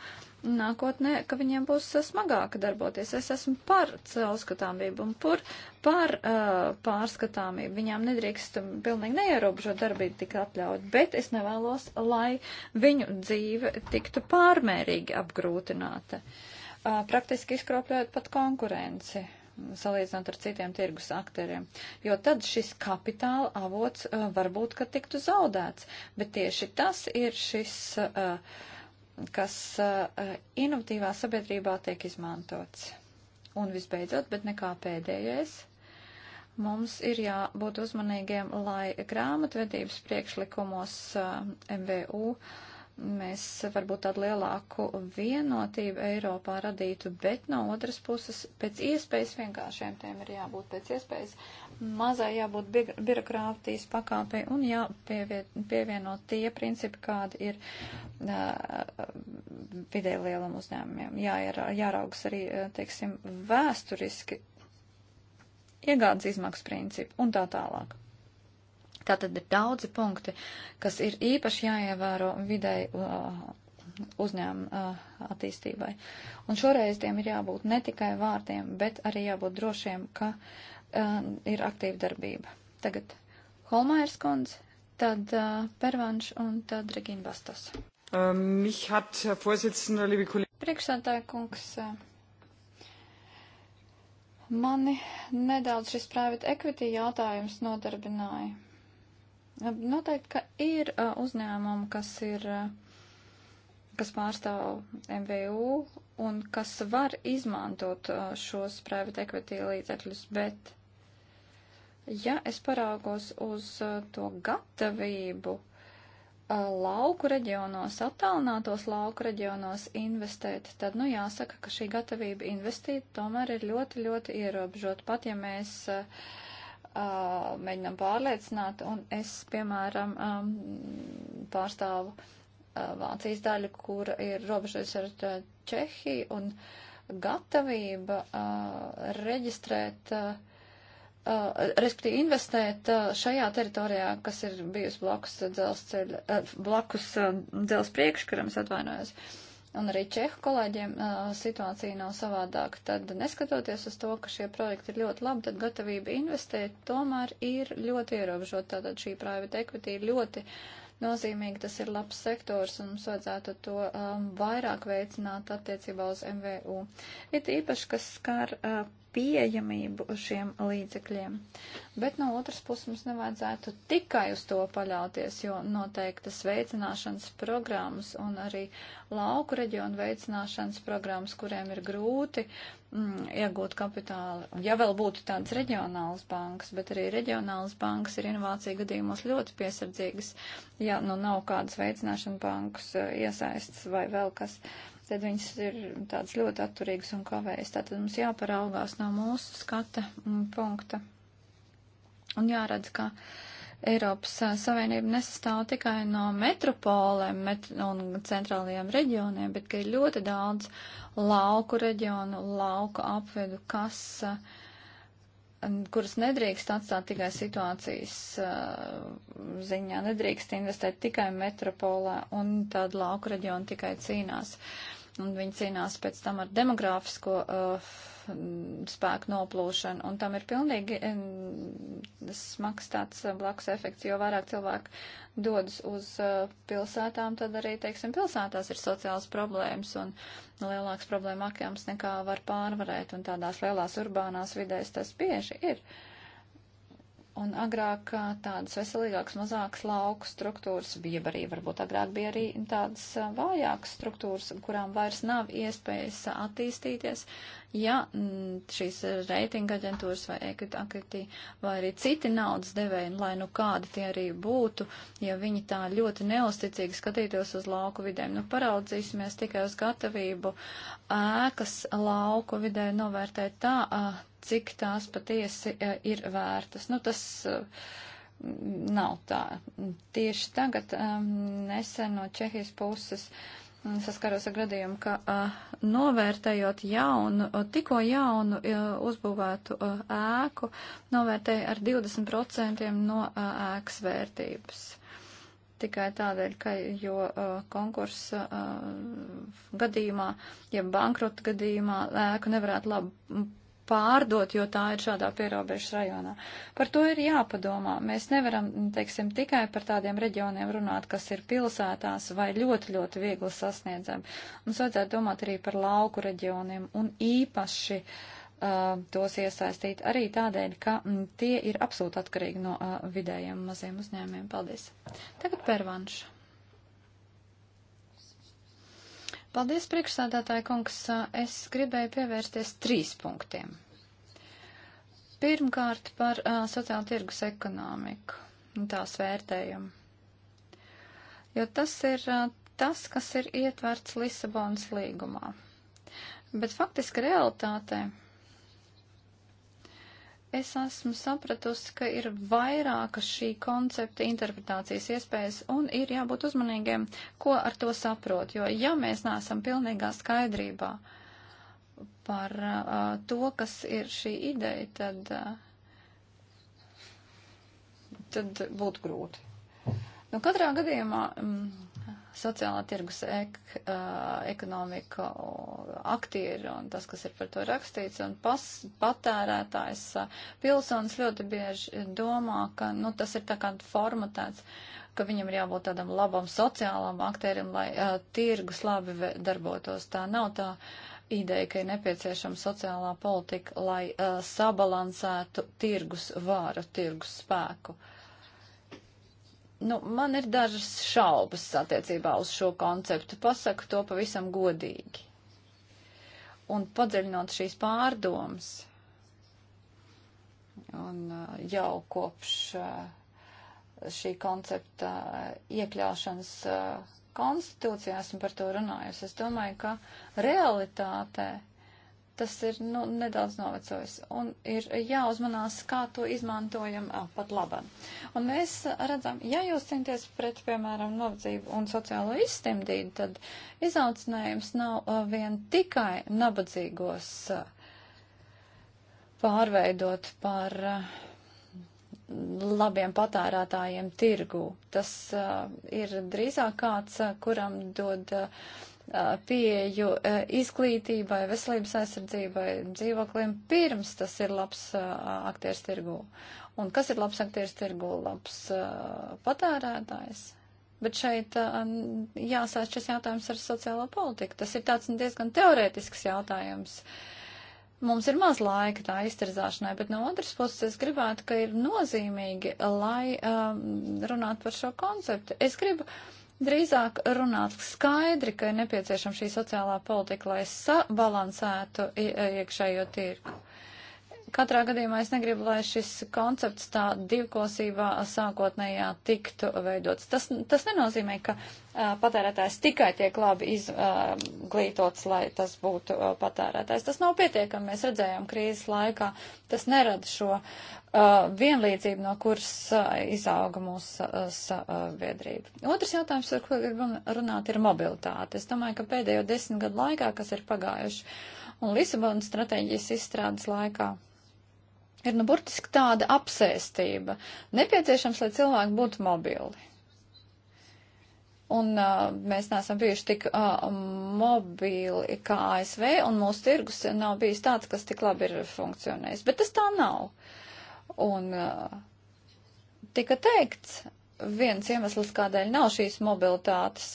nākotnē, ka viņiem būs eh, smagāk darboties. Es esmu par caurskatāmību un par, par uh, eh, pārskatāmību. Viņām nedrīkst um, pilnīgi neierobežot darbību tik atļaut, bet es nevēlos, lai viņu dzīve tiktu pārmērīgi apgrūtināta, uh, praktiski izkropļot pat konkurenci salīdzinot ar citiem tirgus aktoriem. Jo tad šis kapitāla avots uh, varbūt, ka tiktu zaudēts. Bet tieši tas ir šis uh, kas eh, inovatīvā sabiedrībā tiek izmantots. Un visbeidzot, bet nekā pēdējais, mums ir jābūt uzmanīgiem, lai grāmatvedības priekšlikumos eh, MVU uh, mēs varbūt tādu lielāku vienotību Eiropā radītu, bet no otras puses pēc iespējas vienkāršiem tiem ir jābūt, pēc iespējas mazai jābūt birokrātijas pakāpei un jāpievieno tie principi, kādi ir uh, vidē lielam uzņēmumiem. Jā, ir, jāraugs arī, teiksim, vēsturiski iegādes izmaksu principi un tā tālāk. Tātad ir daudzi punkti, kas ir īpaši jāievēro videi uh, uzņēmuma uh, attīstībai. Un šoreiz tiem ir jābūt ne tikai vārtiem, bet arī jābūt drošiem, ka uh, ir aktīva darbība. Tagad Holmairs kundze, tad uh, Pervanš un tad Regina Bastos. Um, hat, Priekšsēdētāja kungs. Uh, Mani nedaudz šis private equity jautājums nodarbināja. Noteikti, ka ir uzņēmumi, kas ir, kas pārstāv MVU un kas var izmantot šos private equity līdzekļus, bet ja es paraugos uz to gatavību lauku reģionos, attālinātos lauku reģionos investēt, tad, nu, jāsaka, ka šī gatavība investīt tomēr ir ļoti, ļoti ierobežota. Pat ja mēs uh, uh, mēģinam pārliecināt, un es, piemēram, um, pārstāvu uh, Vācijas daļu, kur ir robežas ar uh, Čehiju, un gatavība uh, reģistrēt, uh, uh, respektīvi investēt uh, šajā teritorijā, kas ir bijusi blakus dzelzceļa, uh, blakus uh, dzelz priekškaram, es atvainojos. Uh, un arī Čehu kolēģiem situācija nav savādāka, tad neskatoties uz to, ka šie projekti ir ļoti labi, tad gatavība investēt tomēr ir ļoti ierobežota. Tātad šī private equity ir ļoti nozīmīga, tas ir labs sektors, un mums vajadzētu to um, vairāk veicināt attiecībā uz MVU. It īpaši, kas skar uh, pieejamību šiem līdzekļiem. Bet no otras puses mums nevajadzētu tikai uz to paļauties, jo noteiktas veicināšanas programmas un arī lauku reģionu veicināšanas programmas, kuriem ir grūti mm, iegūt kapitālu. Ja vēl būtu tādas reģionālas bankas, bet arī reģionālas bankas ir inovācija gadījumos ļoti piesardzīgas, ja nu nav kādas veicināšana bankas eh, iesaistas vai vēl kas. Uh, tad viņas ir tādas ļoti atturīgas un kavējas. Tātad mums jāparaugās no mūsu skata punkta un jāredz, ka Eiropas Savienība nesastāv tikai no metropolēm met un centrālajiem reģioniem, bet ka ir ļoti daudz lauku reģionu, lauku apvedu, kas uh, kuras nedrīkst atstāt tikai situācijas uh, ziņā, nedrīkst investēt tikai metropolē un tad lauku reģionu tikai cīnās. Uh, un viņi cīnās pēc tam ar demogrāfisko uh, mm, spēku noplūšanu, un tam ir pilnīgi mm, smags tāds uh, blakus efekts, jo vairāk cilvēku dodas uz uh, pilsētām, tad arī, teiksim, pilsētās ir sociāls problēmas un lielāks problēma akjams nekā var pārvarēt, un tādās lielās urbānās vidēs tas bieži ir. Uh, Un agrāk tādas veselīgākas, mazākas lauku struktūras bija arī, varbūt agrāk bija arī tādas vājākas struktūras, kurām vairs nav iespējas attīstīties, ja šīs reitinga aģentūras vai ekvitakritī vai arī citi naudas devēji, lai nu kādi tie arī būtu, ja viņi tā ļoti neusticīgi skatītos uz lauku vidēm. Nu, paraudzīsimies tikai uz gatavību ēkas lauku vidē novērtēt tā, cik tās patiesi e, ir vērtas. Nu, tas e, nav tā. Tieši tagad e, nesen no Čehijas puses saskaros ar gadījumu, ka uh, novērtējot jaunu, tikko jaunu uh, uzbūvētu uh, ēku, novērtēja ar 20% no uh, ēkas vērtības. Tikai tādēļ, ka jo uh, konkursa uh, gadījumā, ja bankrota gadījumā ēku nevarētu labi pārdot, jo tā ir šādā pierobežas rajonā. Par to ir jāpadomā. Mēs nevaram, teiksim, tikai par tādiem reģioniem runāt, kas ir pilsētās vai ļoti, ļoti viegli sasniedzami. Mums vajadzētu domāt arī par lauku reģioniem un īpaši uh, tos iesaistīt arī tādēļ, ka m, mm, tie ir absolūti atkarīgi no uh, vidējiem maziem uzņēmiem. Paldies. Tagad pērvanša. Paldies, priekšsādātāja kungs. Es gribēju pievērsties trīs punktiem. Pirmkārt par uh, sociālu tirgus ekonomiku un tās vērtējumu. Jo tas ir uh, tas, kas ir ietverts Lisabonas līgumā. Bet faktiski realitātei es esmu sapratusi, ka ir vairākas šī koncepta interpretācijas iespējas un ir jābūt uzmanīgiem, ko ar to saprot. Jo ja mēs neesam pilnīgā skaidrībā par uh, to, kas ir šī ideja, tad, uh, tad būtu grūti. Nu, katrā gadījumā. Um, sociālā tirgus ek, ekonomika aktieri un tas, kas ir par to rakstīts, un pas, patērētājs pilsonis ļoti bieži domā, ka nu, tas ir tā kā formatēts, ka viņam ir jābūt tādam labam sociālam aktierim, lai uh, tirgus labi darbotos. Tā nav tā ideja, ka ir nepieciešama sociālā politika, lai uh, sabalansētu tirgus vāru, tirgus spēku. Uh, Nu, man ir dažas šaubas attiecībā uz šo konceptu. Pasaku to pavisam godīgi. Un padziļinot šīs pārdomas, un uh, jau kopš uh, šī koncepta uh, iekļaušanas konstitūcijā esmu par to runājusi, es domāju, ka realitātē tas ir nu, nedaudz novecojis. Un ir jāuzmanās, kā to izmantojam a, pat labam. Un mēs redzam, ja jūs cīnties pret, piemēram, novacību un sociālo izstimdību, tad izaucinājums nav a, vien tikai nabadzīgos a, pārveidot par a, labiem patērētājiem tirgū. Tas a, ir drīzāk kāds, a, kuram dod. A, pieeju izglītībai, veselības aizsardzībai, dzīvoklim, pirms tas ir labs aktieris tirgū. Un kas ir labs aktieris tirgū? Labs patērētājs. Bet šeit jāsāc šis jautājums ar sociālo politiku. Tas ir tāds diezgan teorētisks jautājums. Mums ir maz laika tā izterzāšanai, bet no otras puses es gribētu, ka ir nozīmīgi, lai um, runātu par šo konceptu. Es gribu uh, drīzāk runāt skaidri, ka ir nepieciešama šī sociālā politika, lai sabalansētu iekšējo tirgu. Katrā gadījumā es negribu, lai šis koncepts tā divkosībā sākotnējā tiktu veidots. Tas, tas nenozīmē, ka uh, patērētājs tikai tiek labi izglītots, uh, lai tas būtu uh, patērētājs. Tas nav pietiekami. Mēs redzējām krīzes laikā, tas nerada šo uh, vienlīdzību, no kuras uh, izauga mūsu uh, sabiedrība. Uh, Otrs jautājums, ar ko gribam runāt, ir mobilitāte. Es domāju, ka pēdējo desmit gadu laikā, kas ir pagājuši, un Lisabonas stratēģijas izstrādes laikā, ir nu burtiski tāda apsēstība. Nepieciešams, lai cilvēki būtu mobili. Un uh, mēs neesam bijuši tik uh, mobili kā ASV, un mūsu tirgus nav bijis tāds, kas tik labi ir funkcionējis. Bet tas tā nav. Un uh, tika teikts, viens iemesls, kādēļ nav šīs mobilitātes.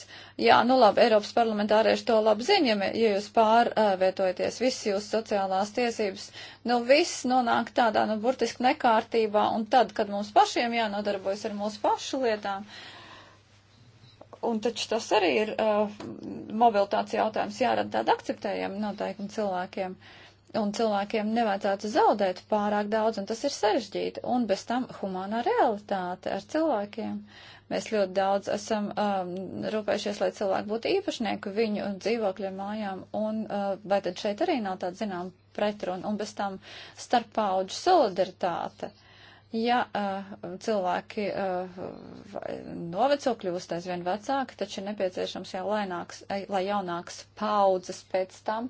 Jā, nu labi, Eiropas parlamentārieši to labi zina, ja, ja jūs pārvietojaties, viss jūs sociālās tiesības, nu viss nonāk tādā, nu, burtiski nekārtībā, un tad, kad mums pašiem jānodarbojas ar mūsu pašu lietām, un taču tas arī ir uh, mobilitātes jautājums, jārada tāda akceptējama noteikuma cilvēkiem. Uh, Un cilvēkiem nevajadzētu zaudēt pārāk daudz, un tas ir sarežģīti. Un bez tam humānā realitāte ar cilvēkiem. Mēs ļoti daudz esam um, rūpējušies, lai cilvēki būtu īpašnieku viņu dzīvokļa mājām, un uh, vai tad šeit arī nav tāda, zinām, pretruna, un bez tam starppauģu solidaritāte. Uh, Ja uh, cilvēki uh, noveco kļūst aizvien vecāki, taču ir nepieciešams jau laināks, eh, lai jaunāks paudzes pēc tam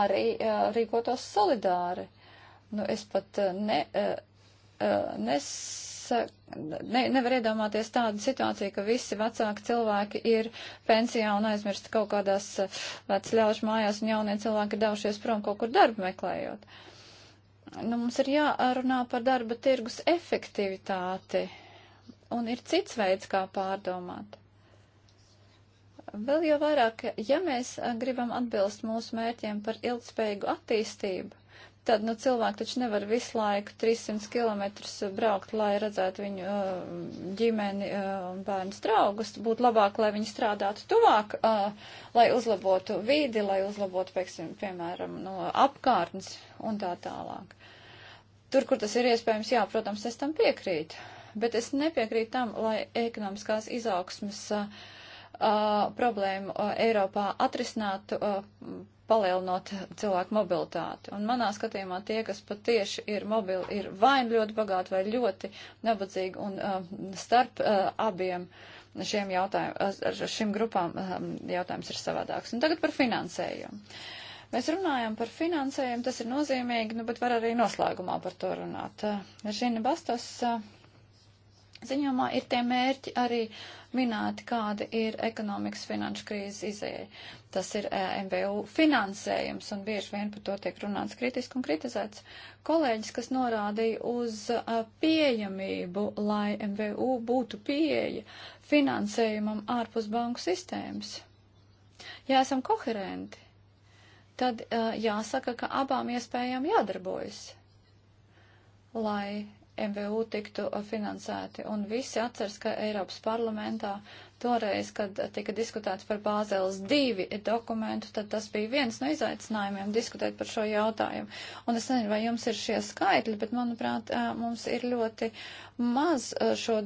arī uh, rīkotos solidāri. Nu, es pat uh, ne, uh, uh, nes, ne, nevar iedomāties tādu situāciju, ka visi vecāki cilvēki ir pensijā un aizmirst kaut kādās vecļaušu mājās un jaunie cilvēki devušies prom kaut kur darbu meklējot. Uh, nu, mums ir jārunā par darba tirgus efektivitāti, un ir cits veids, kā pārdomāt. Vēl jau vairāk, ja mēs gribam atbilst mūsu mērķiem par ilgspējīgu attīstību, tad, nu, cilvēki taču nevar visu laiku 300 km braukt, lai redzētu viņu ģimeni un bērnu draugus. Būtu labāk, lai viņi strādātu tuvāk, lai uzlabotu vīdi, lai uzlabotu, piemēram, no apkārtnes un tā tālāk. Tur, kur tas ir iespējams, jā, protams, es tam piekrītu, bet es nepiekrītu tam, lai ekonomiskās izaugsmas uh, problēmu uh, Eiropā atrisinātu, uh, palielinot cilvēku mobilitāti. Un manā skatījumā tie, kas patieši ir mobili, ir vai nu ļoti bagāti, vai ļoti nabadzīgi, un uh, starp uh, abiem šiem jautājumiem, šim grupām um, jautājums ir savādāks. Un tagad par finansējumu. Uh, Mēs runājam par finansējumu, tas ir nozīmīgi, nu, bet var arī noslēgumā par to runāt. Žina Bastas eh, ziņojumā ir tie mērķi arī minēti, kāda ir ekonomikas finanšu krīzes izēja. Tas ir eh, MVU finansējums, un bieži vien par to tiek runāts kritiski un kritizēts. Kolēģis, kas norādīja uz eh, pieejamību, lai MVU būtu pieeja finansējumam ārpus banku sistēmas. Ja esam koherenti, tad uh, jāsaka, ka abām iespējām jādarbojas, lai MVU tiktu finansēti. Un visi atceras, ka Eiropas parlamentā toreiz, kad tika diskutēts par Bāzeles divi dokumentu, tad tas bija viens no izaicinājumiem diskutēt par šo jautājumu. Un es nezinu, vai jums ir šie skaitļi, bet manuprāt, mums ir ļoti maz šo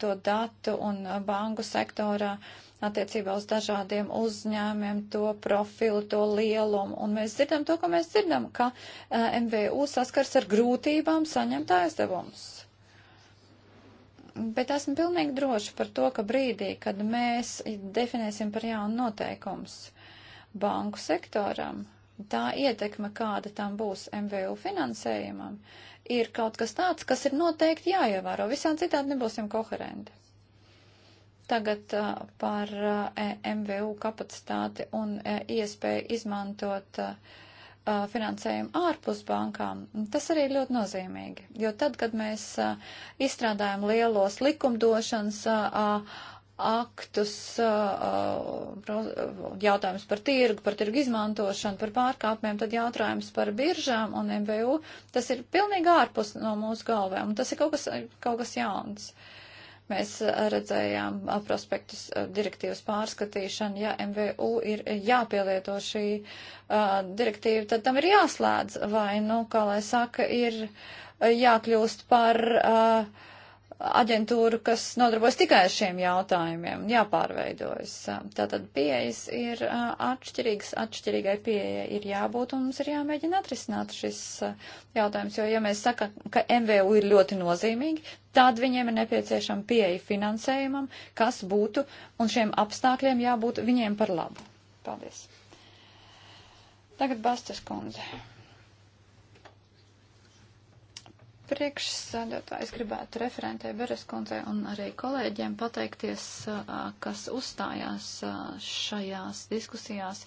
to datu un banku sektorā. Uh, attiecībā uz dažādiem uzņēmiem, to profilu, to lielumu. Un mēs dzirdam to, ko mēs dzirdam, ka uh, eh, MVU saskars ar grūtībām saņemt aizdevumus. Bet esmu pilnīgi droši par to, ka brīdī, kad mēs definēsim par jaunu noteikumus banku sektoram, tā ietekme, kāda tam būs MVU finansējumam, ir kaut kas tāds, kas ir noteikti jāievēro. Visādi citādi nebūsim koherenti. Tagad par e, MVU kapacitāti un iespēju izmantot finansējumu ārpus bankām. Tas arī ir ļoti nozīmīgi, jo tad, kad mēs izstrādājam lielos likumdošanas aktus, jautājums par tirgu, par tirgu izmantošanu, par pārkāpumiem, tad jautājums par biržām un MBU, tas ir pilnīgi ārpus no mūsu galvēm, un tas ir kaut kas, kaut kas jauns. Uh, Mēs uh, redzējām uh, prospektus uh, direktīvas pārskatīšanu. Ja MVU ir jāpielieto šī direktīva, tad tam ir jāslēdz vai, nu, kā lai saka, ir jākļūst par. Uh, aģentūru, kas nodarbojas tikai ar šiem jautājumiem, jāpārveidojas. Tātad pieejas ir atšķirīgas, atšķirīgai pieeja ir jābūt, un mums ir jāmēģina atrisināt šis jautājums, jo, ja mēs sakam, ka MVU ir ļoti nozīmīgi, tad viņiem ir nepieciešama pieeja finansējumam, kas būtu, un šiem apstākļiem jābūt viņiem par labu. Paldies. Tagad Bastas kundze. Priekšsēdētājs gribētu referentē Bereskundzei un arī kolēģiem pateikties, kas uzstājās šajās diskusijās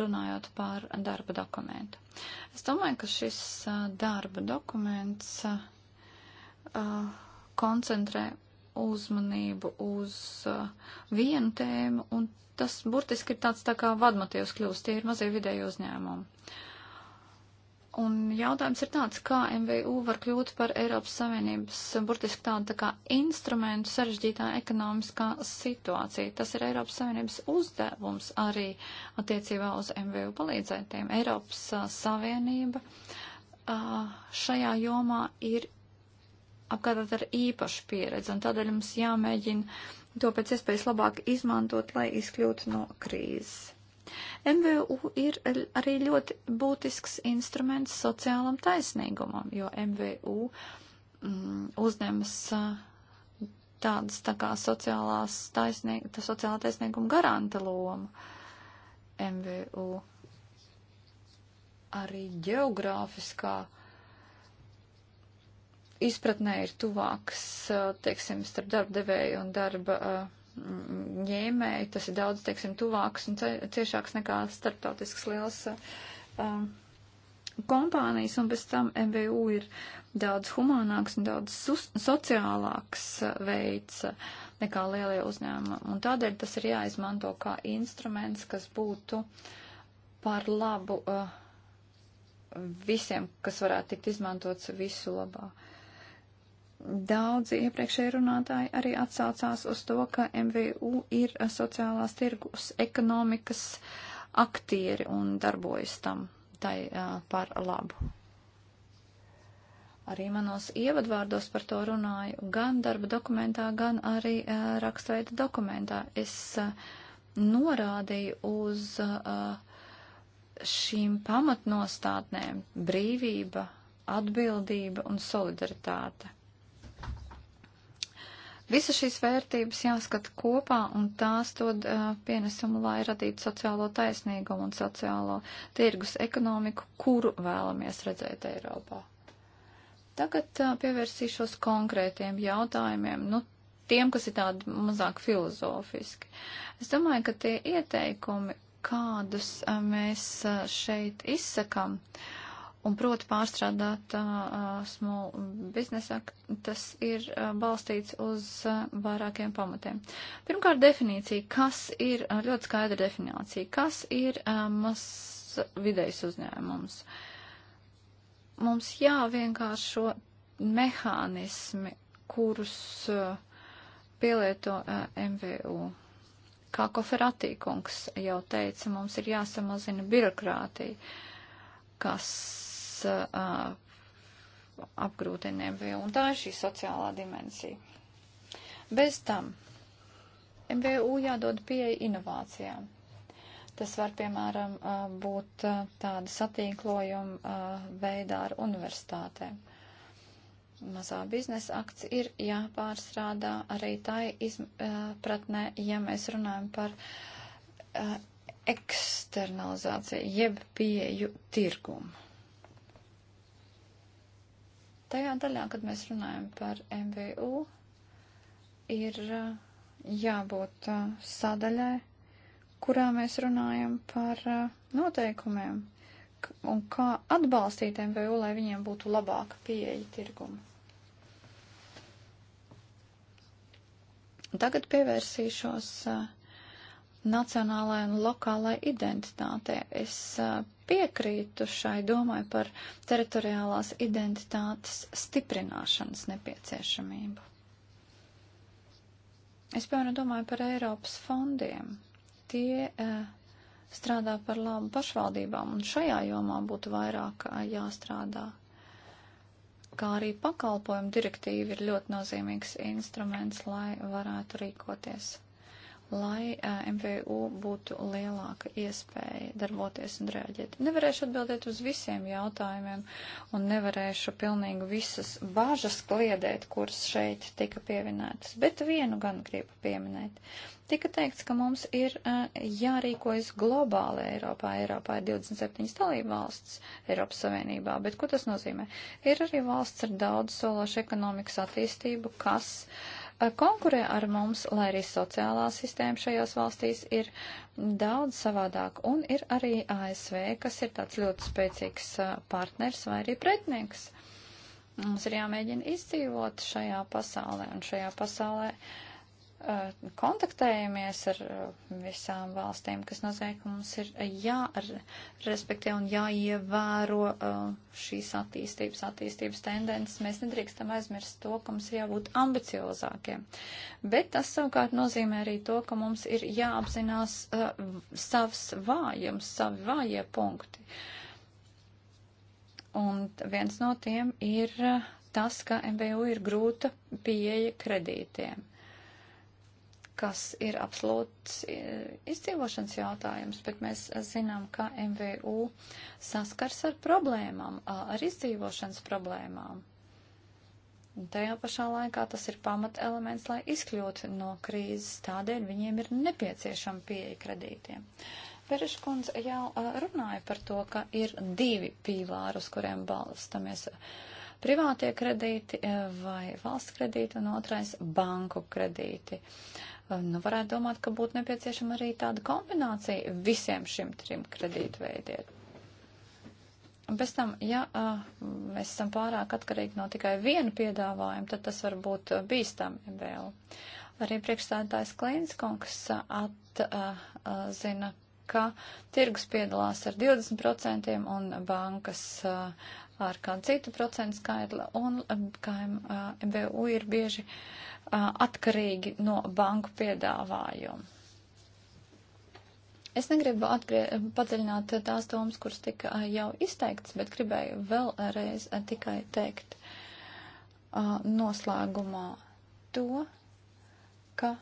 runājot par darba dokumentu. Es domāju, ka šis darba dokuments koncentrē uzmanību uz vienu tēmu, un tas burtiski ir tāds tā kā vadmatīvs kļūst, tie ir mazie vidēji uzņēmumi. Un jautājums ir tāds, kā MVU var kļūt par Eiropas Savienības burtiski tādu tā kā instrumentu sarežģītā ekonomiskā situācija. Tas ir Eiropas Savienības uzdevums arī attiecībā uz MVU palīdzētiem. Eiropas a, Savienība a, šajā jomā ir apgādāt ar īpašu pieredzi, un tādēļ mums jāmēģina to pēc iespējas labāk izmantot, lai izkļūtu no krīzes. MVU ir arī ļoti būtisks instruments sociālam taisnīgumam, jo MVU mm, uzņemas tādas tā kā sociālās taisnīg, tā sociālā taisnīguma garanta loma. MVU arī geogrāfiskā izpratnē ir tuvāks, teiksim, starp darba devēju un darba uh, ņēmēji, tas ir daudz, teiksim, tuvāks un ciešāks nekā starptautisks liels uh, um, kompānijas, un bez tam MVU ir daudz humānāks un daudz sociālāks uh, veids uh, nekā lielie uzņēmumi. Un tādēļ tas ir jāizmanto kā instruments, kas būtu par labu uh, visiem, kas varētu tikt izmantots visu labāk Daudzi iepriekšēji runātāji arī atsaucās uz to, ka MVU ir sociālās tirgus ekonomikas aktieri un darbojas tam tai uh, par labu. Arī manos ievadvārdos par to runāju gan darba dokumentā, gan arī uh, rakstveida dokumentā. Es uh, norādīju uz uh, šīm pamatnostādnēm brīvība, atbildība un solidaritāte Visas šīs vērtības jāskata kopā un tās dod uh, pienesumu, lai radītu sociālo taisnīgumu un sociālo tirgus ekonomiku, kuru vēlamies redzēt Eiropā. Tagad uh, pievērsīšos konkrētiem jautājumiem, nu, tiem, kas ir tādi mazāk filozofiski. Es domāju, ka tie ieteikumi, kādus uh, mēs uh, šeit izsakam, uh, un proti pārstrādāt uh, small biznesa, tas ir uh, balstīts uz uh, vairākiem pamatiem. Pirmkārt, definīcija, kas ir uh, ļoti skaidra definīcija, kas ir uh, mazs vidējs uzņēmums. Mums jāvienkāršo mehānismi, kurus uh, pielieto uh, MVU. Kā Koferatī kungs jau teica, mums ir jāsamazina birokrātija, kas uh, apgrūtiniem bija, un tā ir šī sociālā dimensija. Bez tam MVU jādod pieeja inovācijām. Tas var, piemēram, uh, būt uh, tāda satīklojuma uh, veidā ar universitātēm. Mazā biznesa akts ir jāpārstrādā arī tai izpratnē, ja mēs runājam par eksternalizāciju, jeb pieju tirgumu. Tajā daļā, kad mēs runājam par MVU, ir uh, jābūt uh, sadaļai, kurā mēs runājam par uh, noteikumiem un kā atbalstīt MVU, lai viņiem būtu labāka pieeja tirgumu. Tagad pievērsīšos uh, nacionālajai un lokālajai identitātei. Es piekrītu šai domai par teritoriālās identitātes stiprināšanas nepieciešamību. Es, piemēram, domāju par Eiropas fondiem. Tie uh, strādā par labu pašvaldībām, un šajā jomā būtu vairāk uh, jāstrādā. Kā arī pakalpojumu direktīva ir ļoti nozīmīgs instruments, lai varētu rīkoties lai uh, eh, MVU būtu lielāka iespēja darboties un reaģēt. Nevarēšu atbildēt uz visiem jautājumiem un nevarēšu pilnīgi visas bažas kliedēt, kuras šeit tika pieminētas, bet vienu gan gribu pieminēt. Tika teikts, ka mums ir uh, jārīkojas globāli Eiropā. Eiropā ir 27 dalībvalsts Eiropas Savienībā, bet ko tas nozīmē? Ir arī valsts ar daudz sološu ekonomikas attīstību, kas uh, konkurē ar mums, lai arī sociālā sistēma šajās valstīs ir daudz savādāk. Un ir arī ASV, kas ir tāds ļoti spēcīgs partners vai arī pretnieks. Mums ir jāmēģina izdzīvot šajā pasaulē, un šajā pasaulē uh, Uh, kontaktējamies ar uh, visām valstīm, kas nozīmē, ka mums ir jārespektē un jāievēro uh, šīs attīstības, attīstības tendences. Mēs nedrīkstam aizmirst to, ka mums ir jābūt ambiciozākiem. Bet tas savukārt nozīmē arī to, ka mums ir jāapzinās savs vājums, savi vājie punkti. Un viens no tiem ir tas, ka MBU ir grūta pieeja kredītiem kas ir absolūts e, izdzīvošanas jautājums, bet mēs zinām, ka MVU saskars ar problēmām, ar izdzīvošanas problēmām. Un tajā pašā laikā tas ir pamatelements, lai izkļūtu no krīzes, tādēļ viņiem ir nepieciešama pieeja kredītiem. Pereškundze jau runāja par to, ka ir divi pīlāri, uz kuriem balstamies - privātie kredīti e, vai valsts kredīti, un otrais - banku kredīti. Uh, nu, varētu domāt, ka būtu nepieciešama arī tāda kombinācija visiem šim trim kredītveidiem. Bez tam, ja mēs esam pārāk atkarīgi no tikai viena piedāvājuma, tad tas var būt bīstami vēl. Arī priekšstādājs Klīnskungs atzina, ka tirgus piedalās ar 20% un bankas ar kādu citu procentu skaidru, un MBU ir bieži uh, atkarīgi no banku piedāvājuma. Es negribu atgrie, padziļināt tās domas, kuras tika jau izteiktas, bet gribēju vēlreiz tikai teikt noslēgumā to, ka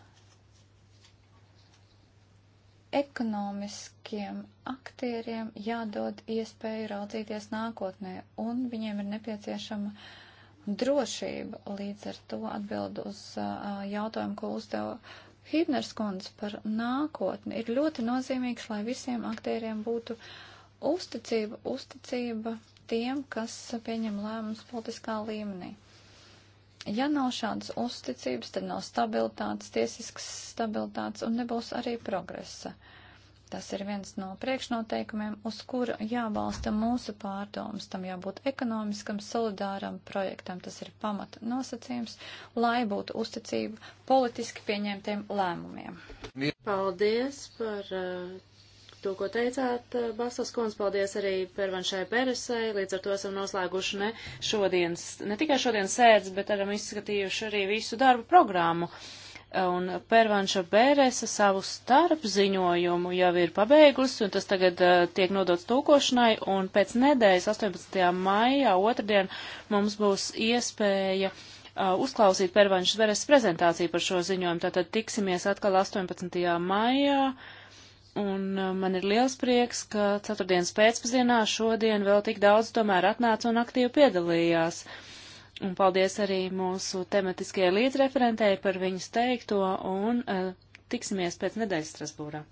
ekonomiskiem aktieriem jādod iespēja raudzīties nākotnē, un viņiem ir nepieciešama uh, drošība. Līdz ar to atbild uz uh, jautājumu, ko uzdeva Hībners kundze par nākotni. Ir ļoti nozīmīgs, lai visiem aktieriem būtu uzticība, uzticība tiem, kas pieņem lēmumus politiskā līmenī. Ja nav šādas uzticības, tad nav stabilitātes, tiesiskas stabilitātes un nebūs arī progresa. Uh, Tas ir viens no priekšnoteikumiem, uz kura jābalsta mūsu pārdomas. Tam jābūt ekonomiskam, solidāram projektam. Tas ir pamata nosacījums, lai būtu uzticība politiski pieņemtiem lēmumiem. Paldies par uh, to, ko teicāt, uh, Basas kundz. Paldies arī Pervanšai Peresai. Līdz ar to esam noslēguši ne šodienas, ne tikai šodienas sēdes, bet esam izskatījuši arī visu darbu programmu un Pervanša Bērēsa savu starpziņojumu jau ir pabeigusi, un tas tagad uh, tiek nodots tūkošanai, un pēc nedēļas 18. maijā otrdien mums būs iespēja uh, uzklausīt Pervanša Bērēsa prezentāciju par šo ziņojumu. Tātad tiksimies atkal 18. maijā. Un uh, man ir liels prieks, ka ceturtdienas pēcpazienā šodien vēl tik daudz tomēr atnāca un aktīvi piedalījās. Uh, Un paldies arī mūsu tematiskajai līdzreferentēji par viņas teikto un uh, tiksimies pēc nedēļas Strasbūrā.